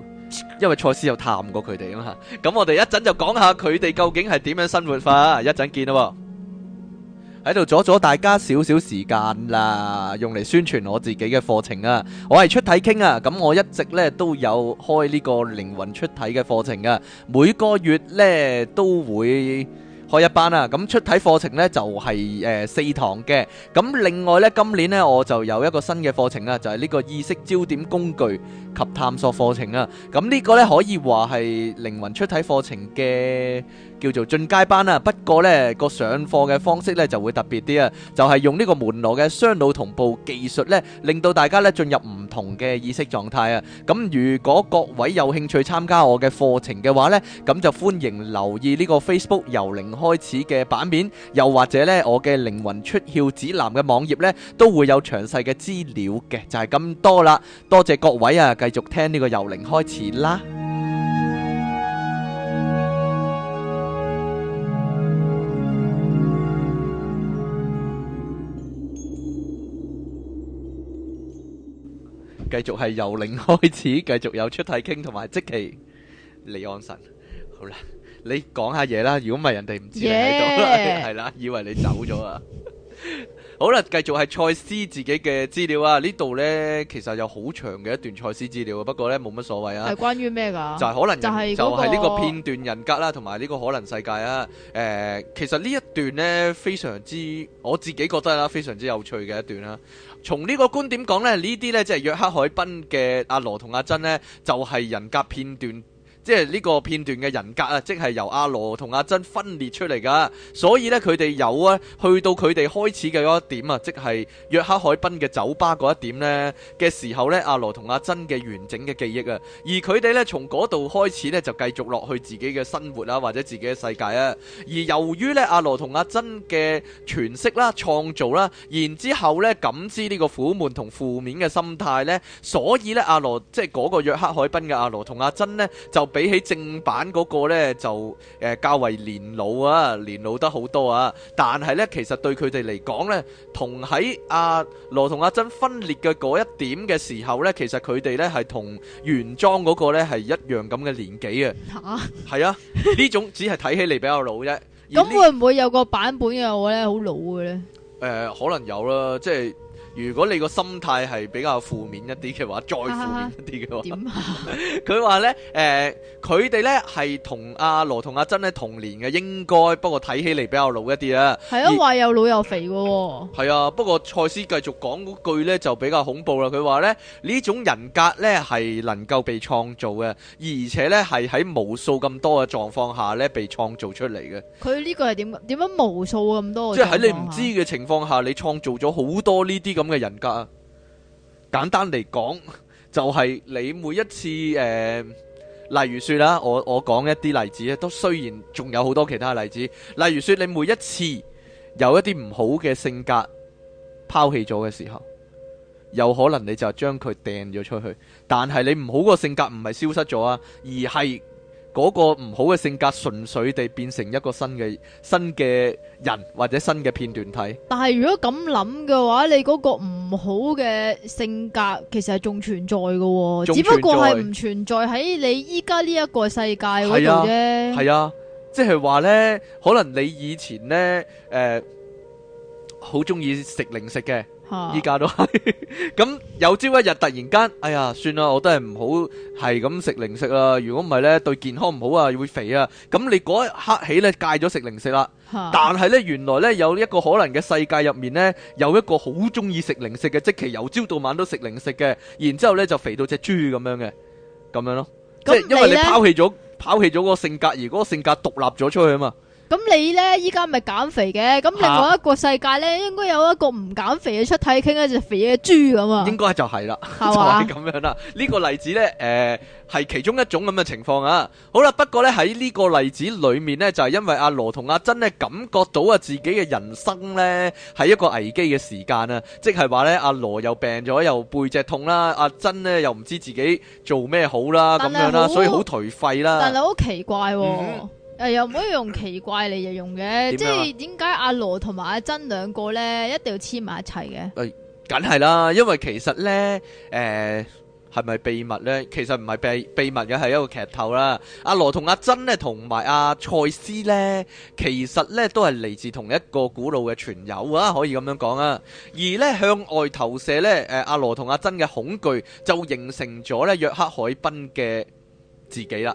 因為蔡司有探過佢哋啊嘛。咁我哋一陣就講下佢哋究竟係點樣生活法。一陣見咯，喺度 (music) 阻咗大家少少時間啦，用嚟宣傳我自己嘅課程啊。我係出體傾啊，咁我一直呢都有開呢個靈魂出體嘅課程啊，每個月呢都會。開一班啊，咁出體課程呢就係誒四堂嘅，咁另外呢，今年呢我就有一個新嘅課程啊，就係呢個意識焦點工具及探索課程啊，咁呢個呢可以話係靈魂出體課程嘅。叫做進階班啊，不過呢個上課嘅方式呢就會特別啲啊，就係用呢個門羅嘅雙腦同步技術呢，令到大家呢進入唔同嘅意識狀態啊。咁如果各位有興趣參加我嘅課程嘅話呢，咁就歡迎留意呢個 Facebook 由零開始嘅版面，又或者呢我嘅靈魂出竅指南嘅網頁呢都會有詳細嘅資料嘅，就係咁多啦。多謝各位啊，繼續聽呢個由零開始啦。繼續係由零開始，繼續有出體傾同埋即期李安神，好啦，你講下嘢啦，如果唔係人哋唔知你喺度，係、yeah. 啦， (laughs) 以為你走咗啊！ (laughs) 好啦，繼續係賽斯自己嘅資料啊，呢度呢，其實有好長嘅一段賽斯資料啊，不過呢，冇乜所謂啊。係關於咩㗎？就係、是、可能就係、是、呢、那個就是、個片段人格啦、啊，同埋呢個可能世界啊。誒、呃，其實呢一段呢，非常之，我自己覺得啦，非常之有趣嘅一段啦、啊。從呢個觀點講呢，呢啲呢，即係約克海濱嘅阿羅同阿珍呢就係人格片段。即係呢個片段嘅人格啊，即係由阿羅同阿珍分裂出嚟噶，所以呢，佢哋有啊，去到佢哋開始嘅嗰一點啊，即係約克海濱嘅酒吧嗰一點呢嘅時候呢，阿羅同阿珍嘅完整嘅記憶啊，而佢哋呢，從嗰度開始呢，就繼續落去自己嘅生活啊，或者自己嘅世界啊，而由於呢，阿羅同阿珍嘅詮釋啦、創造啦，然之後呢，感知呢個苦悶同負面嘅心態呢。所以呢，阿羅即係嗰個約克海濱嘅阿羅同阿珍呢，就。比起正版嗰個咧，就誒較為年老啊，年老得好多啊。但係咧，其實對佢哋嚟講咧，同喺阿羅同阿珍分裂嘅嗰一點嘅時候咧，其實佢哋咧係同原裝嗰個咧係一樣咁嘅年紀嘅。吓，係啊，呢種只係睇起嚟比較老啫。咁會唔會有個版本嘅我咧好老嘅咧？誒，可能有啦，即係。如果你個心態係比較負面一啲嘅話，再負面一啲嘅話，點啊？佢話、啊、 (laughs) 呢，誒、呃，佢哋呢係同阿羅同阿、啊、珍咧同年嘅，應該不過睇起嚟比較老一啲啊。係啊，話又老又肥嘅喎、哦。係啊，不過賽斯繼續講嗰句呢就比較恐怖啦。佢話呢，呢種人格呢係能夠被創造嘅，而且呢係喺無數咁多嘅狀況下呢被創造出嚟嘅。佢呢個係點點樣無數咁多？即係喺你唔知嘅情況下，你創造咗好多呢啲咁，嘅人格啊，簡單嚟講就係、是、你每一次誒、呃，例如說啦，我我講一啲例子咧，都雖然仲有好多其他例子，例如說你每一次有一啲唔好嘅性格拋棄咗嘅時候，有可能你就將佢掟咗出去，但係你唔好個性格唔係消失咗啊，而係。嗰、那個唔好嘅性格，純粹地變成一個新嘅新嘅人，或者新嘅片段體。但係如果咁諗嘅話，你嗰個唔好嘅性格，其實係仲存在嘅，哦，只不過係唔存在喺你依家呢一個世界嗰度啫。係啊，即係話呢，可能你以前呢，誒、呃，好中意食零食嘅。依家都係，咁 (laughs) 有朝一日突然間，哎呀，算啦，我都係唔好係咁食零食啦。如果唔係呢，對健康唔好啊，會肥啊。咁你嗰一刻起呢，戒咗食零食啦。 (laughs) 但係呢，原來呢，有一個可能嘅世界入面呢，有一個好中意食零食嘅，即係由朝到晚都食零食嘅，然之後呢就肥到隻豬咁樣嘅，咁樣咯。即係因為你拋棄咗拋棄咗個性格，而嗰個性格獨立咗出去啊嘛。咁你呢，依家咪減肥嘅，咁另外一個世界呢，啊、應該有一個唔減肥嘅出體傾一隻肥嘅豬咁啊，應該就係啦， (laughs) 就係咁樣啦。呢、這個例子呢，誒、呃、係其中一種咁嘅情況啊。好啦，不過呢，喺呢個例子裏面呢，就係、是、因為阿羅同阿珍呢感覺到啊自己嘅人生呢係一個危機嘅時間啊，即係話呢，阿羅又病咗又背脊痛啦，阿珍呢又唔知自己做咩好啦咁樣啦，所以好頹廢啦。但係好奇怪、啊。嗯誒， (laughs) 又唔可以用奇怪嚟形容嘅，即係點解阿羅同埋阿珍兩個呢一定要黐埋一齊嘅？梗係啦，因為其實呢，誒係咪秘密呢？其實唔係秘秘密嘅，係一個劇透啦。阿羅同阿珍呢，同埋阿賽斯呢，其實呢都係嚟自同一個古老嘅傳友啊，可以咁樣講啊。而呢向外投射呢，誒、呃、阿羅同阿珍嘅恐懼，就形成咗呢約克海濱嘅自己啦。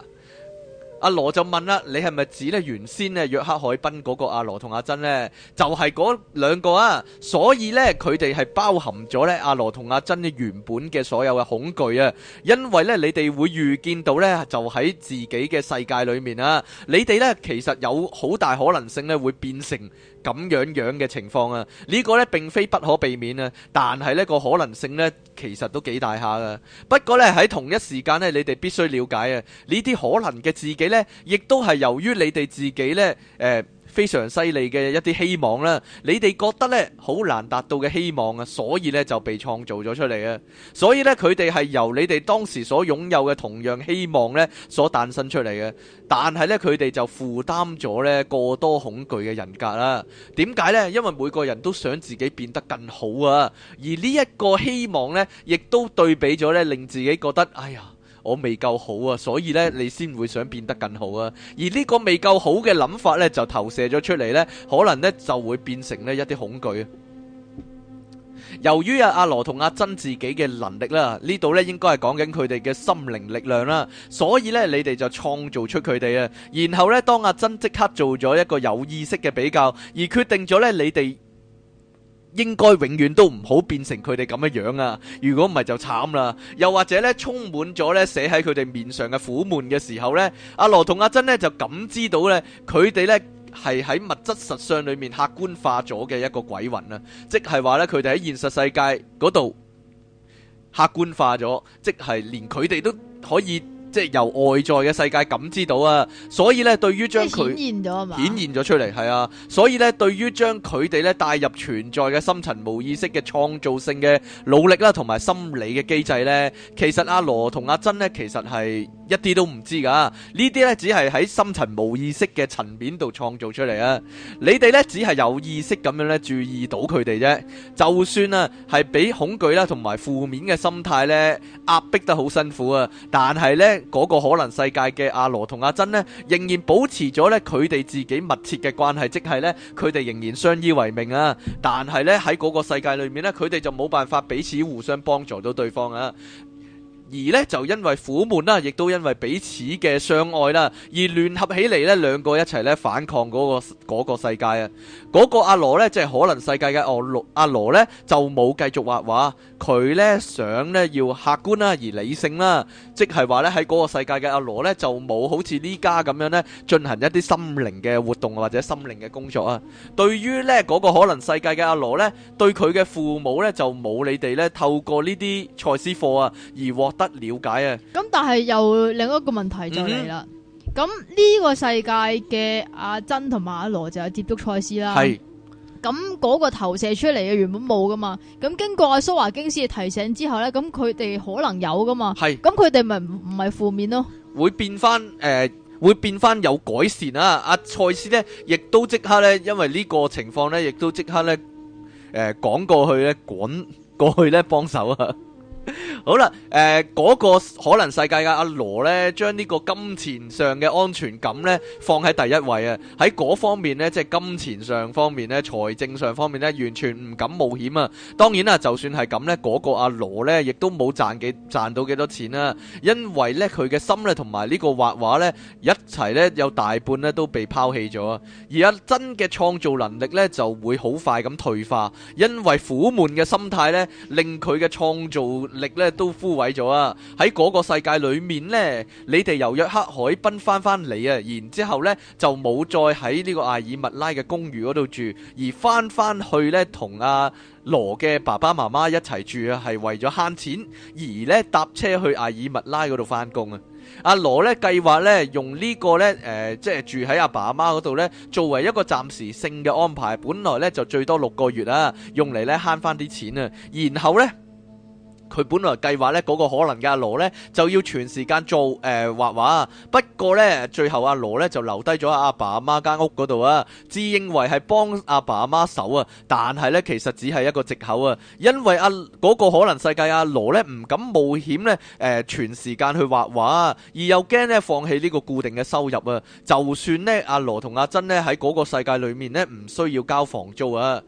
阿羅就問啦，你係咪指咧原先咧約克海濱嗰個阿羅同阿珍呢？就係嗰兩個啊？所以呢，佢哋係包含咗咧阿羅同阿珍嘅原本嘅所有嘅恐懼啊！因為咧，你哋會預見到咧，就喺自己嘅世界裏面啊。你哋咧其實有好大可能性咧會變成，咁樣樣嘅情況啊，呢個呢並非不可避免啊，但係呢個可能性呢，其實都幾大下噶。不過呢，喺同一時間呢，你哋必須了解啊，呢啲可能嘅自己呢，亦都係由於你哋自己呢。呃非常犀利嘅一啲希望啦，你哋覺得咧好難達到嘅希望啊，所以咧就被創造咗出嚟啊。所以咧佢哋係由你哋當時所擁有嘅同樣希望咧所誕生出嚟嘅，但係咧佢哋就負擔咗咧過多恐懼嘅人格啦。點解咧？因為每個人都想自己變得更好啊，而呢一個希望咧，亦都對比咗咧，令自己覺得哎呀。我未夠好啊，所以呢，你先會想變得更好啊，而呢個未夠好嘅諗法呢，就投射咗出嚟呢，可能呢就會變成呢一啲恐懼。由於阿羅和阿羅同阿珍自己嘅能力啦，呢度呢應該係講緊佢哋嘅心靈力量啦，所以呢，你哋就創造出佢哋啊，然後呢，當阿珍即刻做咗一個有意識嘅比較，而決定咗呢你哋。應該永遠都唔好變成佢哋咁樣樣啊！如果唔係就慘啦。又或者呢，充滿咗呢，寫喺佢哋面上嘅苦悶嘅時候呢，阿羅同阿珍呢就感知到呢，佢哋呢係喺物質實相裏面客觀化咗嘅一個鬼魂啊。即係話呢，佢哋喺現實世界嗰度客觀化咗，即係連佢哋都可以。即係由外在嘅世界感知到啊，所以咧對於將佢顯現咗出嚟係啊，所以咧對於將佢哋咧帶入存在嘅深層無意識嘅創造性嘅努力啦，同埋心理嘅機制咧，其實阿羅同阿珍咧，其實係一啲都唔知噶，呢啲咧只係喺深層無意識嘅層面度創造出嚟啊，你哋咧只係有意識咁樣咧注意到佢哋啫，就算啊係俾恐懼啦同埋負面嘅心態咧壓迫得好辛苦啊，但係咧。嗰個可能世界嘅阿羅同阿珍呢，仍然保持咗呢佢哋自己密切嘅關係，即係呢佢哋仍然相依為命啊！但係呢喺嗰個世界裏面呢佢哋就冇辦法彼此互相幫助到對方啊！而呢就因為苦悶啦，亦都因為彼此嘅相愛啦，而聯合起嚟呢兩個一齊咧反抗嗰個嗰個世界啊！嗰個阿羅呢，即係可能世界嘅哦，阿羅呢，就冇繼續畫畫，佢呢，想呢要客觀啦，而理性啦，即係話呢喺嗰個世界嘅阿羅呢，就冇好似呢家咁樣呢進行一啲心靈嘅活動或者心靈嘅工作啊！對於呢嗰個可能世界嘅阿羅呢，對佢嘅父母呢，就冇你哋呢透過呢啲賽斯課啊而獲得。不瞭解啊、嗯！咁但係又另一個問題就嚟啦，咁呢個世界嘅阿珍同埋阿羅就有接觸賽斯啦。係咁，嗰個投射出嚟嘅原本冇噶嘛，咁經過阿蘇華京斯嘅提醒之後咧，咁佢哋可能有噶嘛。係咁佢哋咪唔唔係負面咯會、呃？會變翻誒，會變翻有改善啊！阿、啊、賽斯咧，亦都即刻咧，因為呢個情況咧，亦都即刻咧，誒、呃、趕過去咧，趕過去咧，幫手啊！ (laughs) 好啦，誒、呃，嗰、那個可能世界嘅阿羅呢，將呢個金錢上嘅安全感呢，放喺第一位啊，喺嗰方面呢，即、就、係、是、金錢上方面呢，財政上方面呢，完全唔敢冒險啊。當然啦、啊，就算係咁、那個、呢，嗰個阿羅呢，亦都冇賺幾賺到幾多錢啦、啊，因為呢，佢嘅心呢，同埋呢個畫畫呢，一齊呢，有大半呢，都被拋棄咗，而阿珍嘅創造能力呢，就會好快咁退化，因為苦悶嘅心態呢，令佢嘅創造。力咧都枯萎咗啊！喺嗰個世界裏面呢，你哋由約克海濱翻翻嚟啊，然之後呢就冇再喺呢個阿爾密拉嘅公寓嗰度住，而翻翻去呢同阿羅嘅爸爸媽媽一齊住啊，係為咗慳錢，而呢搭車去阿爾密拉嗰度翻工啊！阿羅呢計劃呢用呢、呢個呢，誒、呃，即係住喺阿爸阿媽嗰度呢，作為一個暫時性嘅安排，本來呢就最多六個月啊，用嚟呢慳翻啲錢啊，然後呢。佢本來計劃呢嗰個可能嘅阿羅呢，就要全時間做誒畫畫，不過呢，最後阿羅呢就留低咗阿爸阿媽間屋嗰度啊，自認為係幫阿爸阿媽手啊，但係呢，其實只係一個藉口啊，因為啊嗰個可能世界阿羅呢唔敢冒險呢，誒、呃、全時間去畫畫，而又驚呢放棄呢個固定嘅收入啊，就算呢阿羅同阿珍呢喺嗰個世界裏面呢，唔需要交房租啊。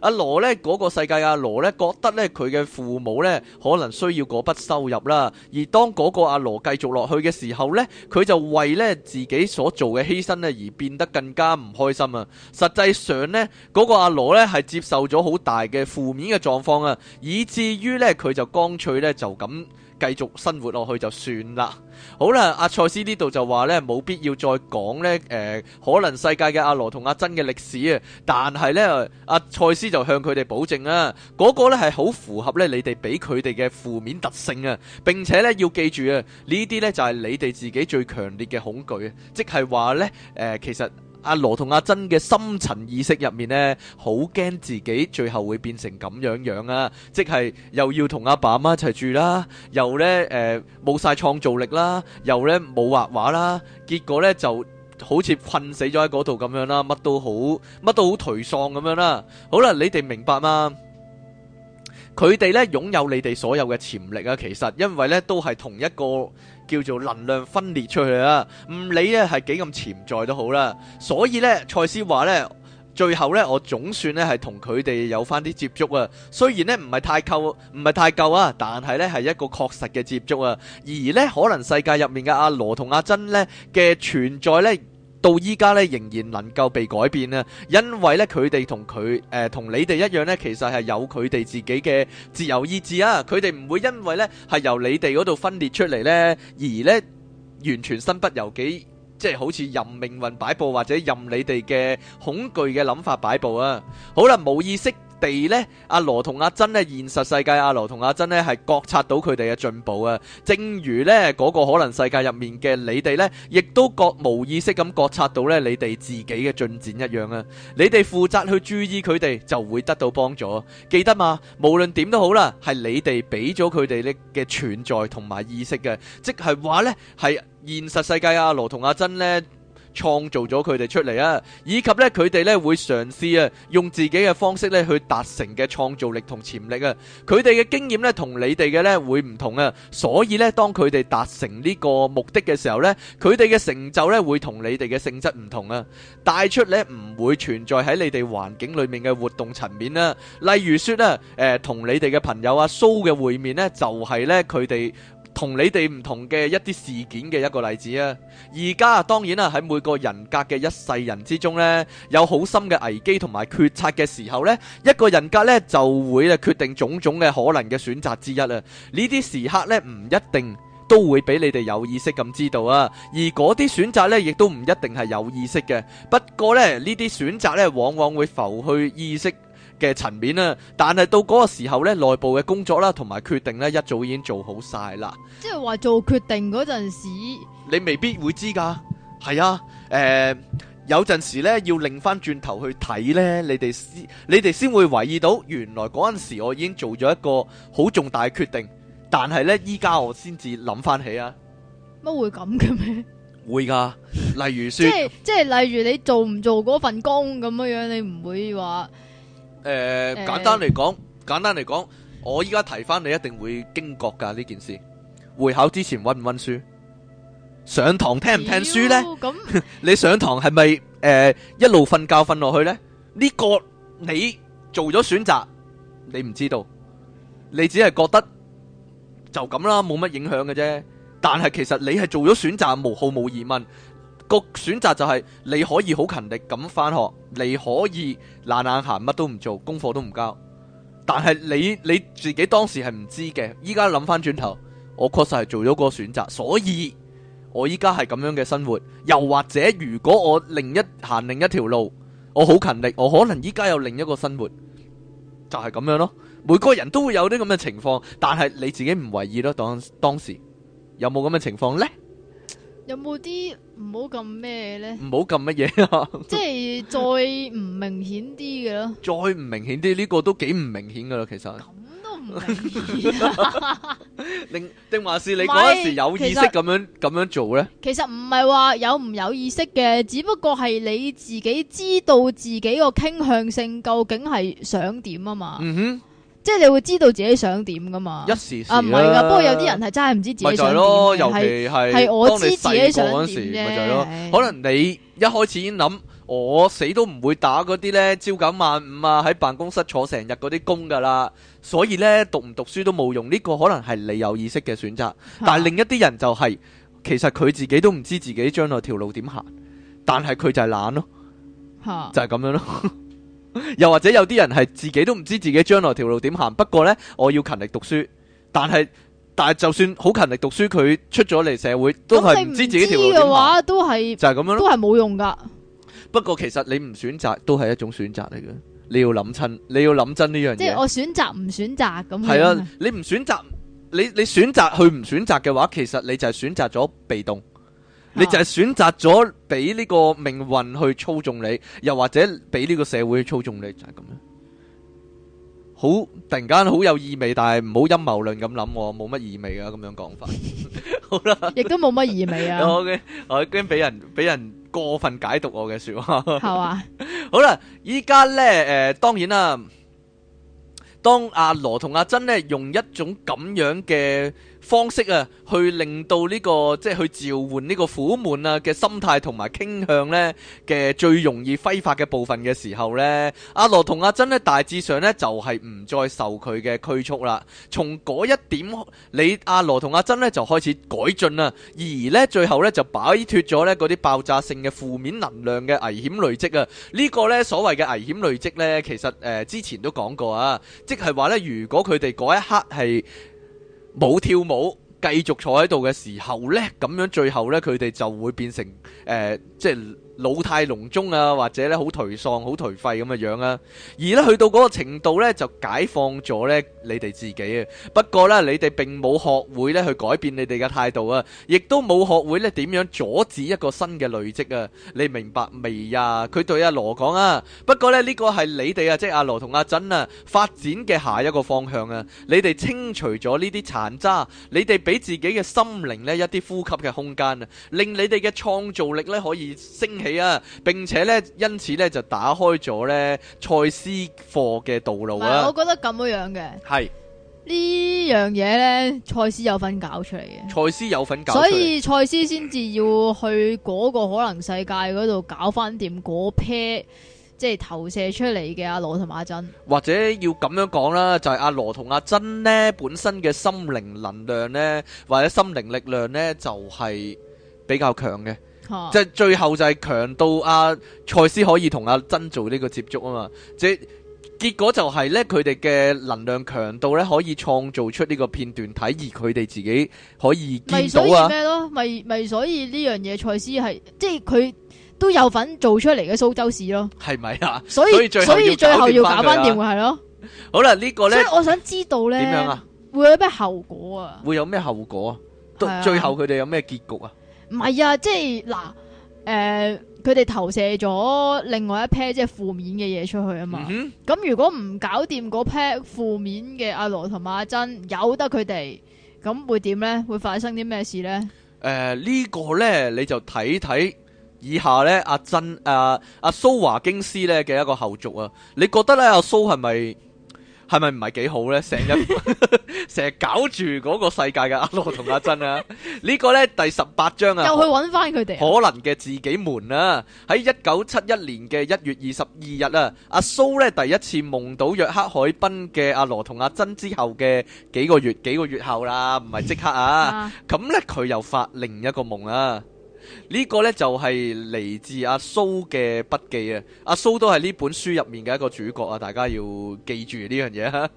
阿羅呢嗰個世界阿羅呢覺得呢，佢嘅父母呢可能需要嗰筆收入啦。而當嗰個阿羅繼續落去嘅時候呢，佢就為呢自己所做嘅犧牲呢而變得更加唔開心啊！實際上呢，嗰個阿羅呢係接受咗好大嘅負面嘅狀況啊，以至於呢，佢就乾脆呢就咁。繼續生活落去就算啦，好啦，阿賽斯呢度就話呢冇，必要再講呢誒，可能世界嘅阿羅同阿珍嘅歷史啊，但係呢，阿賽斯就向佢哋保證啊，嗰個呢係好符合呢你哋俾佢哋嘅負面特性啊，並且呢，要記住啊，呢啲呢就係你哋自己最強烈嘅恐懼啊，即係話呢，誒、呃，其實。阿羅同阿真嘅深層意識入面呢，好驚自己最後會變成咁樣樣啊！即係又要同阿爸阿媽一齊住啦，又呢誒冇晒創造力啦，又呢冇畫畫啦，結果呢就好似困死咗喺嗰度咁樣啦，乜都好，乜都好頹喪咁樣啦。好啦，你哋明白嘛？佢哋呢擁有你哋所有嘅潛力啊！其實因為呢都係同一個。叫做能量分裂出去啊，唔理咧係幾咁潛在都好啦，所以咧賽斯話咧最後咧我總算咧係同佢哋有返啲接觸啊，雖然咧唔係太夠唔係太夠啊，但係咧係一個確實嘅接觸啊，而咧可能世界入面嘅阿羅同阿珍咧嘅存在咧。到依家咧仍然能夠被改變啊！因為咧佢哋同佢誒同你哋一樣咧，其實係有佢哋自己嘅自由意志啊！佢哋唔會因為咧係由你哋嗰度分裂出嚟咧，而咧完全身不由己，即係好似任命運擺布，或者任你哋嘅恐懼嘅諗法擺布啊！好啦，冇意識地咧，阿羅同阿珍咧，現實世界阿羅同阿珍咧，係覺察到佢哋嘅進步啊。正如咧嗰個可能世界入面嘅你哋咧，亦都覺無意識咁覺察到咧你哋自己嘅進展一樣啊。你哋負責去注意佢哋，就會得到幫助。記得嘛，無論點都好啦，係你哋俾咗佢哋嘅存在同埋意識嘅，即係話咧，係現實世界阿羅同阿珍咧。創造咗佢哋出嚟啊，以及咧佢哋咧會嘗試啊用自己嘅方式咧去達成嘅創造力同潛力啊，佢哋嘅經驗咧同你哋嘅咧會唔同啊，所以咧當佢哋達成呢個目的嘅時候咧，佢哋嘅成就咧會同你哋嘅性質唔同啊，帶出咧唔會存在喺你哋環境裡面嘅活動層面啦，例如說咧誒同你哋嘅朋友啊蘇嘅會面咧就係咧佢哋。你同你哋唔同嘅一啲事件嘅一個例子啊，而家當然啦，喺每個人格嘅一世人之中呢，有好深嘅危機同埋決策嘅時候呢，一個人格呢就會咧決定種種嘅可能嘅選擇之一啊。呢啲時刻呢，唔一定都會俾你哋有意識咁知道啊，而嗰啲選擇呢，亦都唔一定係有意識嘅。不過呢，呢啲選擇呢，往往會浮去意識。嘅層面啊，但係到嗰個時候呢，內部嘅工作啦，同埋決定呢，一早已經做好晒啦。即係話做決定嗰陣時，你未必會知㗎。係啊，誒、呃，有陣時呢，要擰翻轉頭去睇呢，你哋你哋先會懷疑到，原來嗰陣時我已經做咗一個好重大決定，但係呢，依家我先至諗翻起啊，乜會咁嘅咩？會㗎，例如說，即係即係，例如你做唔做嗰份工咁樣樣，你唔會話。誒、呃，簡單嚟講、呃，簡單嚟講，我依家提翻你，一定會驚覺噶呢件事。會考之前温唔温書？上堂聽唔聽書呢？咁 (laughs) 你上堂係咪誒一路瞓覺瞓落去呢？呢、呢個你做咗選擇，你唔知道，你只係覺得就咁啦，冇乜影響嘅啫。但係其實你係做咗選擇，無毫無疑問。個選擇就係你可以好勤力咁翻學，你可以懶懶閒乜都唔做，功課都唔交。但係你你自己當時係唔知嘅，依家諗翻轉頭，我確實係做咗個選擇，所以我依家係咁樣嘅生活。又或者如果我另一行另一條路，我好勤力，我可能依家有另一個生活，就係、是、咁樣咯。每個人都會有啲咁嘅情況，但係你自己唔為意咯。當當時有冇咁嘅情況呢？有冇啲唔好咁咩咧？唔好咁乜嘢啊！即係再唔明顯啲嘅咯，再唔明顯啲呢個都幾唔明顯噶咯。其實咁都唔明顯，定定還是你嗰時有意識咁樣咁樣做咧？其實唔係話有唔有意思嘅，只不過係你自己知道自己個傾向性究竟係想點啊嘛。嗯哼。即係你會知道自己想點噶嘛？一時時啦、啊，不過有啲人係真係唔知道自己想點。咪就係咯，尤其係係我知自己想咪點啫。可能你一開始已經諗我死都唔會打嗰啲咧朝九晚五啊，喺辦公室坐成日嗰啲工噶啦。所以咧讀唔讀書都冇用，呢、這個可能係你有意識嘅選擇。但係另一啲人就係、是、其實佢自己都唔知道自己將來條路點行，但係佢就係懶咯，就係、是、咁樣咯。 (laughs) 又或者有啲人係自己都唔知自己將來條路點行，不過呢我要勤力讀書，但係但係就算好勤力讀書，佢出咗嚟社會都係唔知自己條路點行。咁你唔知嘅話，都係就係咁樣咯，都係冇用噶。不過其實你唔選擇都係一種選擇嚟嘅，你要諗親，你要諗真呢樣嘢。即係我選擇唔選擇咁樣，係啊，你唔選擇，你你選擇去唔選擇嘅話，其實你就係選擇咗被動。你就係選擇咗俾呢個命運去操縱你，又或者俾呢個社會去操縱你，就係咁樣。好突然間好有意味，但係唔好陰謀論咁諗，冇乜意味啊咁樣講法。好啦，亦都冇乜意味啊。O K，我驚俾人俾人過分解讀我嘅說話。係嘛？好啦，依家咧，誒，當然啦，當阿羅同阿珍咧用一種咁樣嘅。方式啊，去令到呢、這個即係去召喚呢個苦悶啊嘅心態同埋傾向咧嘅最容易揮發嘅部分嘅時候咧，阿羅同阿珍咧大致上咧就係唔再受佢嘅拘束啦。從嗰一點，你阿羅同阿珍咧就開始改進啦，而咧最後咧就擺脫咗咧嗰啲爆炸性嘅負面能量嘅危險累積啊！這個、呢個咧所謂嘅危險累積咧，其實誒、呃、之前都講過啊，即係話咧如果佢哋嗰一刻係。冇跳舞，繼續坐喺度嘅時候呢，咁樣最後呢，佢哋就會變成誒、呃，即係。老態龍鍾啊，或者咧好頹喪好頹廢咁嘅樣啊，而咧去到嗰個程度咧就解放咗咧你哋自己啊，不過咧你哋並冇學會咧去改變你哋嘅態度啊，亦都冇學會咧點樣阻止一個新嘅累積啊，你明白未呀？佢對阿羅講啊，不過咧呢個係你哋啊，即係阿羅同阿珍啊發展嘅下一個方向啊，你哋清除咗呢啲殘渣，你哋俾自己嘅心靈咧一啲呼吸嘅空間啊，令你哋嘅創造力咧可以升起。啊，並且咧，因此咧就打開咗咧賽斯課嘅道路啦。我覺得咁樣樣嘅係呢樣嘢咧，賽斯有份搞出嚟嘅。賽斯有份搞，所以賽斯先至要去嗰個可能世界嗰度搞翻掂嗰批，即係投射出嚟嘅阿羅同阿珍，或者要咁樣講啦，就係阿羅同阿珍呢本身嘅心靈能量咧，或者心靈力量咧，就係比較強嘅。即係 (music) 最後就係強到阿賽斯可以同阿珍做呢個接觸啊嘛，即結果就係咧佢哋嘅能量強到咧可以創造出呢個片段體，而佢哋自己可以見到、啊、咪所以咩咯？咪咪所以呢樣嘢賽斯係即係佢都有份做出嚟嘅蘇州屎咯。係咪啊？所以所以最後要搞翻掂係咯。啊、 (laughs) 好啦，這個、呢個咧，我想知道咧點樣啊？會有咩後果啊？會有咩後果、啊？到、啊、最後佢哋有咩結局啊？唔係啊，即係嗱，誒佢哋投射咗另外一批即係負面嘅嘢出去啊嘛。咁、嗯、如果唔搞掂嗰批負面嘅阿羅同埋阿珍，由得佢哋，咁會點呢？會發生啲咩事呢？誒、呃、呢、這個呢，你就睇睇以下呢，阿珍、誒、啊、阿、啊、蘇華京師呢嘅一個後續啊。你覺得呢，阿、啊、蘇係咪？係咪唔係幾好呢？成日成日搞住嗰個世界嘅阿羅同阿珍啊！ (laughs) 呢個呢，第十八章啊，又去搵翻佢哋可能嘅自己們啊！喺一九七一年嘅一月二十二日啊，阿蘇呢第一次夢到約克海濱嘅阿羅同阿珍之後嘅幾個月幾個月後啦，唔係即刻啊！咁、啊、呢，佢又發另一個夢啊！呢、這個呢，就係嚟自阿蘇嘅筆記啊，阿蘇都係呢本書入面嘅一個主角啊，大家要記住呢樣嘢。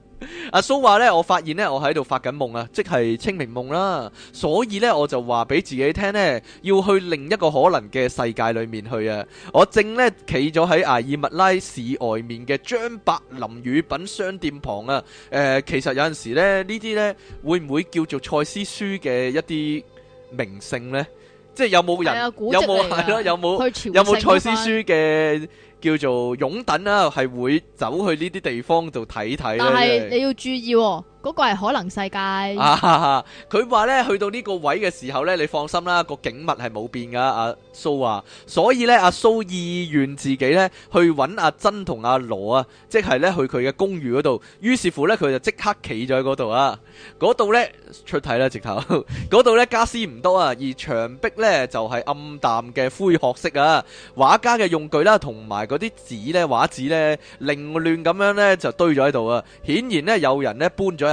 阿蘇話呢，我發現呢，我喺度發緊夢啊，即係清明夢啦，所以呢，我就話俾自己聽呢，要去另一個可能嘅世界裏面去啊。我正呢，企咗喺艾爾麥拉市外面嘅張柏林乳品商店旁啊。誒、呃，其實有陣時咧呢啲呢，會唔會叫做賽斯書嘅一啲名勝呢？即係有冇人？有冇係咯？有冇有冇蔡、啊、思書嘅叫做擁躉啦？係會走去呢啲地方度睇睇咧。但係你要注意喎、哦。嗰、那個係可能世界。啊，佢話咧，去到呢個位嘅時候咧，你放心啦，個景物係冇變噶。阿、啊、蘇話，所以咧，阿、啊、蘇意願自己咧去揾阿珍同阿羅啊，即係咧去佢嘅公寓嗰度。於是乎咧，佢就即刻企咗喺度啊。嗰度咧出睇啦，直頭嗰度咧傢俬唔多啊，而牆壁咧就係、是、暗淡嘅灰褐色啊。畫家嘅用具啦，同埋嗰啲紙咧畫紙咧凌亂咁樣咧就堆咗喺度啊。顯然咧有人咧搬咗。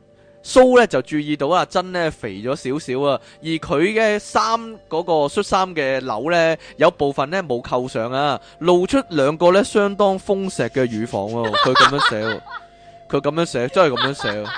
蘇咧就注意到阿珍咧肥咗少少啊，而佢嘅衫嗰個恤衫嘅紐咧有部分咧冇扣上啊，露出兩個咧相當豐碩嘅乳房啊、哦。佢咁樣寫喎、哦，佢 (laughs) 咁樣寫，真係咁樣寫喎、哦。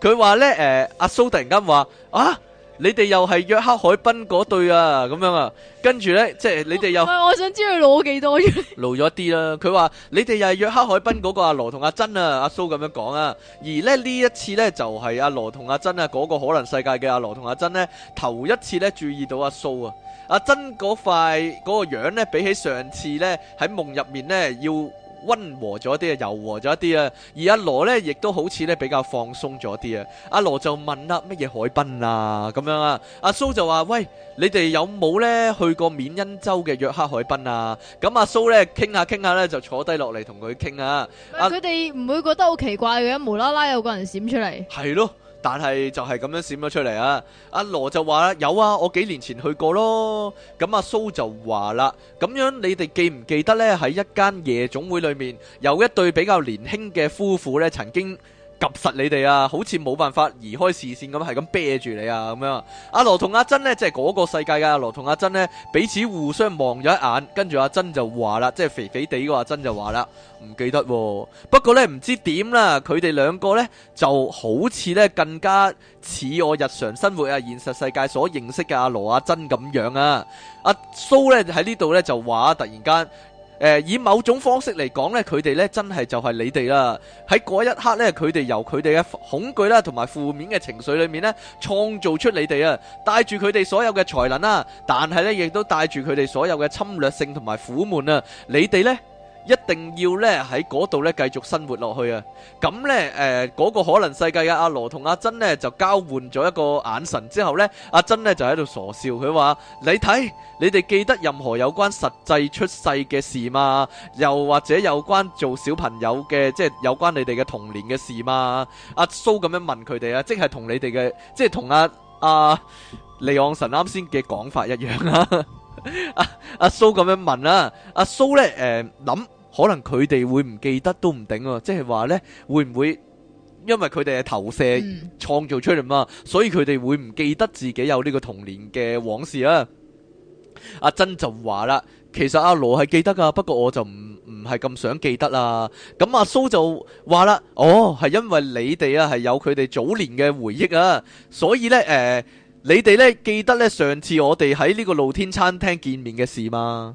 佢話咧誒，阿、呃、蘇突然間話啊。你哋又係約克海濱嗰對啊，咁樣啊，跟住呢，即係你哋又，我，我想知佢攞幾多啫，老咗啲啦。佢話你哋又係約克海濱嗰個阿羅同阿珍啊，阿蘇咁樣講啊。而呢一次呢，就係、是、阿羅同阿珍啊，嗰個可能世界嘅阿羅同阿珍呢，頭一次呢，注意到阿蘇啊，阿珍嗰塊嗰個樣呢，比起上次呢，喺夢入面呢，要。溫和咗啲啊，柔和咗一啲啊，而阿羅咧，亦都好似咧比較放鬆咗啲啊。阿羅就問啦，乜嘢海濱啊，咁樣啊。阿蘇就話，喂，你哋有冇咧去過緬因州嘅約克海濱啊？咁阿蘇咧，傾下傾下咧，就坐低落嚟，同佢傾啊。佢哋唔會覺得好奇怪嘅，無啦啦有個人閃出嚟，係咯。但係就係咁樣閃咗出嚟啊！阿羅就話有啊，我幾年前去過咯。咁、啊、阿蘇就話啦：咁樣你哋記唔記得呢？喺一間夜總會裏面，有一對比較年輕嘅夫婦呢曾經。及實你哋啊，好似冇辦法移開視線咁，係咁啤住你啊咁樣。阿羅同阿珍呢，即係嗰個世界嘅阿羅同阿珍呢，彼此互相望咗一眼，跟住阿珍就話啦，即係肥肥地嘅阿珍就話啦，唔記得，啊。不過呢，唔知點啦，佢哋兩個呢，就好似呢，更加似我日常生活啊，現實世界所認識嘅阿羅阿珍咁樣啊。阿蘇呢，喺呢度呢，就話突然間。誒，以某種方式嚟講咧，佢哋咧真係就係你哋啦。喺嗰一刻咧，佢哋由佢哋嘅恐懼啦，同埋負面嘅情緒裏面咧，創造出你哋啊，帶住佢哋所有嘅才能啦，但係咧亦都帶住佢哋所有嘅侵略性同埋苦悶啊，你哋咧。一定要咧喺嗰度咧繼續生活落去啊！咁咧誒嗰個可能世界嘅阿羅同阿珍咧就交換咗一個眼神之後咧，阿珍咧就喺度傻笑，佢話：你睇你哋記得任何有關實際出世嘅事嘛？又或者有關做小朋友嘅，即係有關你哋嘅童年嘅事嘛？阿蘇咁樣問佢哋啊，即係同你哋嘅，即係同阿阿利昂神啱先嘅講法一樣啊！阿阿蘇咁樣問啊，阿蘇咧誒諗。可能佢哋會唔記得都唔定啊，即係話呢，會唔會因為佢哋係投射創造出嚟嘛，所以佢哋會唔記得自己有呢個童年嘅往事啊？阿珍就話啦，其實阿羅係記得噶，不過我就唔唔係咁想記得啦，啊。咁阿蘇就話啦，哦係因為你哋啊係有佢哋早年嘅回憶啊，所以呢，誒、呃、你哋呢，記得呢上次我哋喺呢個露天餐廳見面嘅事嘛？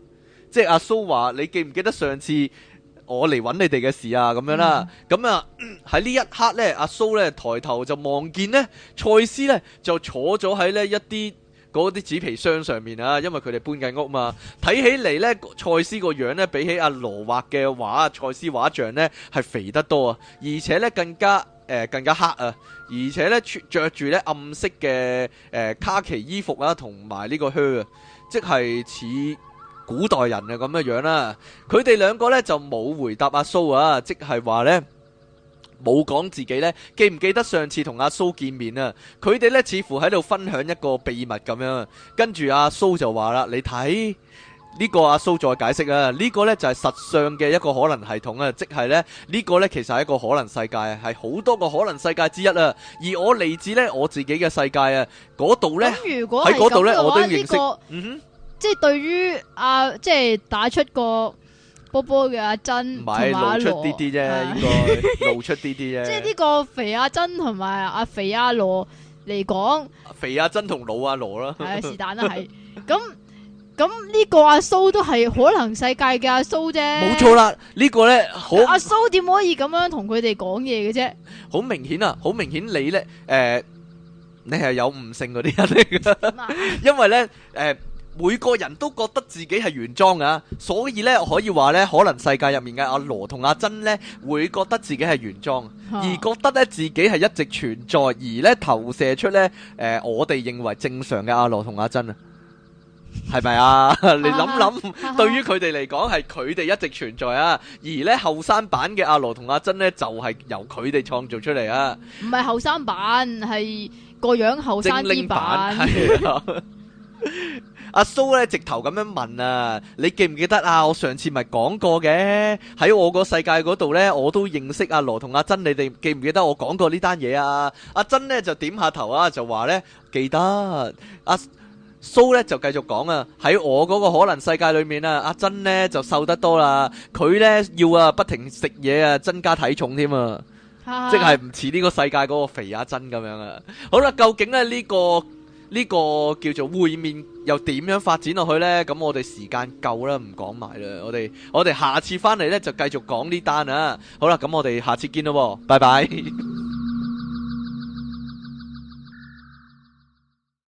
即係阿蘇話：你記唔記得上次我嚟揾你哋嘅事啊？咁樣啦，咁啊喺呢一刻呢，阿蘇呢，抬頭就望見呢，賽斯呢，就坐咗喺呢一啲嗰啲紙皮箱上面啊，因為佢哋搬緊屋嘛。睇起嚟呢，賽斯個樣呢，比起阿羅畫嘅畫，賽斯畫像呢，係肥得多啊，而且呢，更加誒、呃、更加黑啊，而且呢，着住呢暗色嘅誒、呃、卡其衣服啊，同埋呢個靴啊，即係似古代人啊，咁嘅樣啦，佢哋兩個呢就冇回答阿蘇啊，即係話呢冇講自己呢。記唔記得上次同阿蘇見面啊？佢哋呢似乎喺度分享一個秘密咁樣，跟住阿蘇就話啦：，你睇呢個阿蘇再解釋啊。呢個呢就係實相嘅一個可能系統啊，即係呢。呢個呢其實係一個可能世界，係好多個可能世界之一啦。而我嚟自呢，我自己嘅世界啊，嗰度呢，喺嗰度呢，我都認識，嗯哼。即係對於阿、啊、即係打出個波波嘅阿珍唔阿羅出啲啲啫，應該露出啲啲啫。 (laughs) 些些 (laughs) 即係呢個肥阿珍同埋阿肥阿羅嚟講，肥阿珍同老阿羅啦， (laughs) 係啊，是但啦，係。咁咁呢個阿蘇都係可能世界嘅阿蘇啫，冇錯啦。這個、呢個咧，阿蘇點可以咁樣同佢哋講嘢嘅啫？好明顯啊，好明顯你咧，誒、呃，你係有誤性嗰啲人嚟嘅、啊， (laughs) 因為咧，誒、呃。每個人都覺得自己係原裝啊，所以呢，可以話呢，可能世界入面嘅阿羅同阿珍呢，會覺得自己係原裝、啊，而覺得呢，自己係一直存在，而呢，投射出呢，誒、呃，我哋認為正常嘅阿羅同阿珍， (laughs) 係係啊，係 (laughs) 咪啊？你諗諗，對於佢哋嚟講，係佢哋一直存在啊，而呢，後生版嘅阿羅同阿珍呢，就係、係、由佢哋創造出嚟啊，唔係後生版，係個樣後生版，版。 (laughs) (laughs) 阿蘇咧直頭咁樣問啊，你記唔記得啊？我上次咪講過嘅，喺我個世界嗰度呢，我都認識阿羅同阿珍。你哋記唔記得我講過呢單嘢啊？阿珍呢，就點下頭啊，就話呢：「記得。阿、啊、蘇呢，就繼續講啊，喺我嗰個可能世界裏面啊，阿珍呢，就瘦得多啦，佢呢，要啊不停食嘢啊，增加體重添啊， (laughs) 即係唔似呢個世界嗰個肥阿珍咁樣啊。好啦，究竟呢、呢個？呢個叫做會面，又點樣發展落去呢？咁我哋時間夠啦，唔講埋啦。我哋我哋下次翻嚟呢，就繼續講呢單啦。好啦，咁我哋下次見喎，拜拜。 (laughs)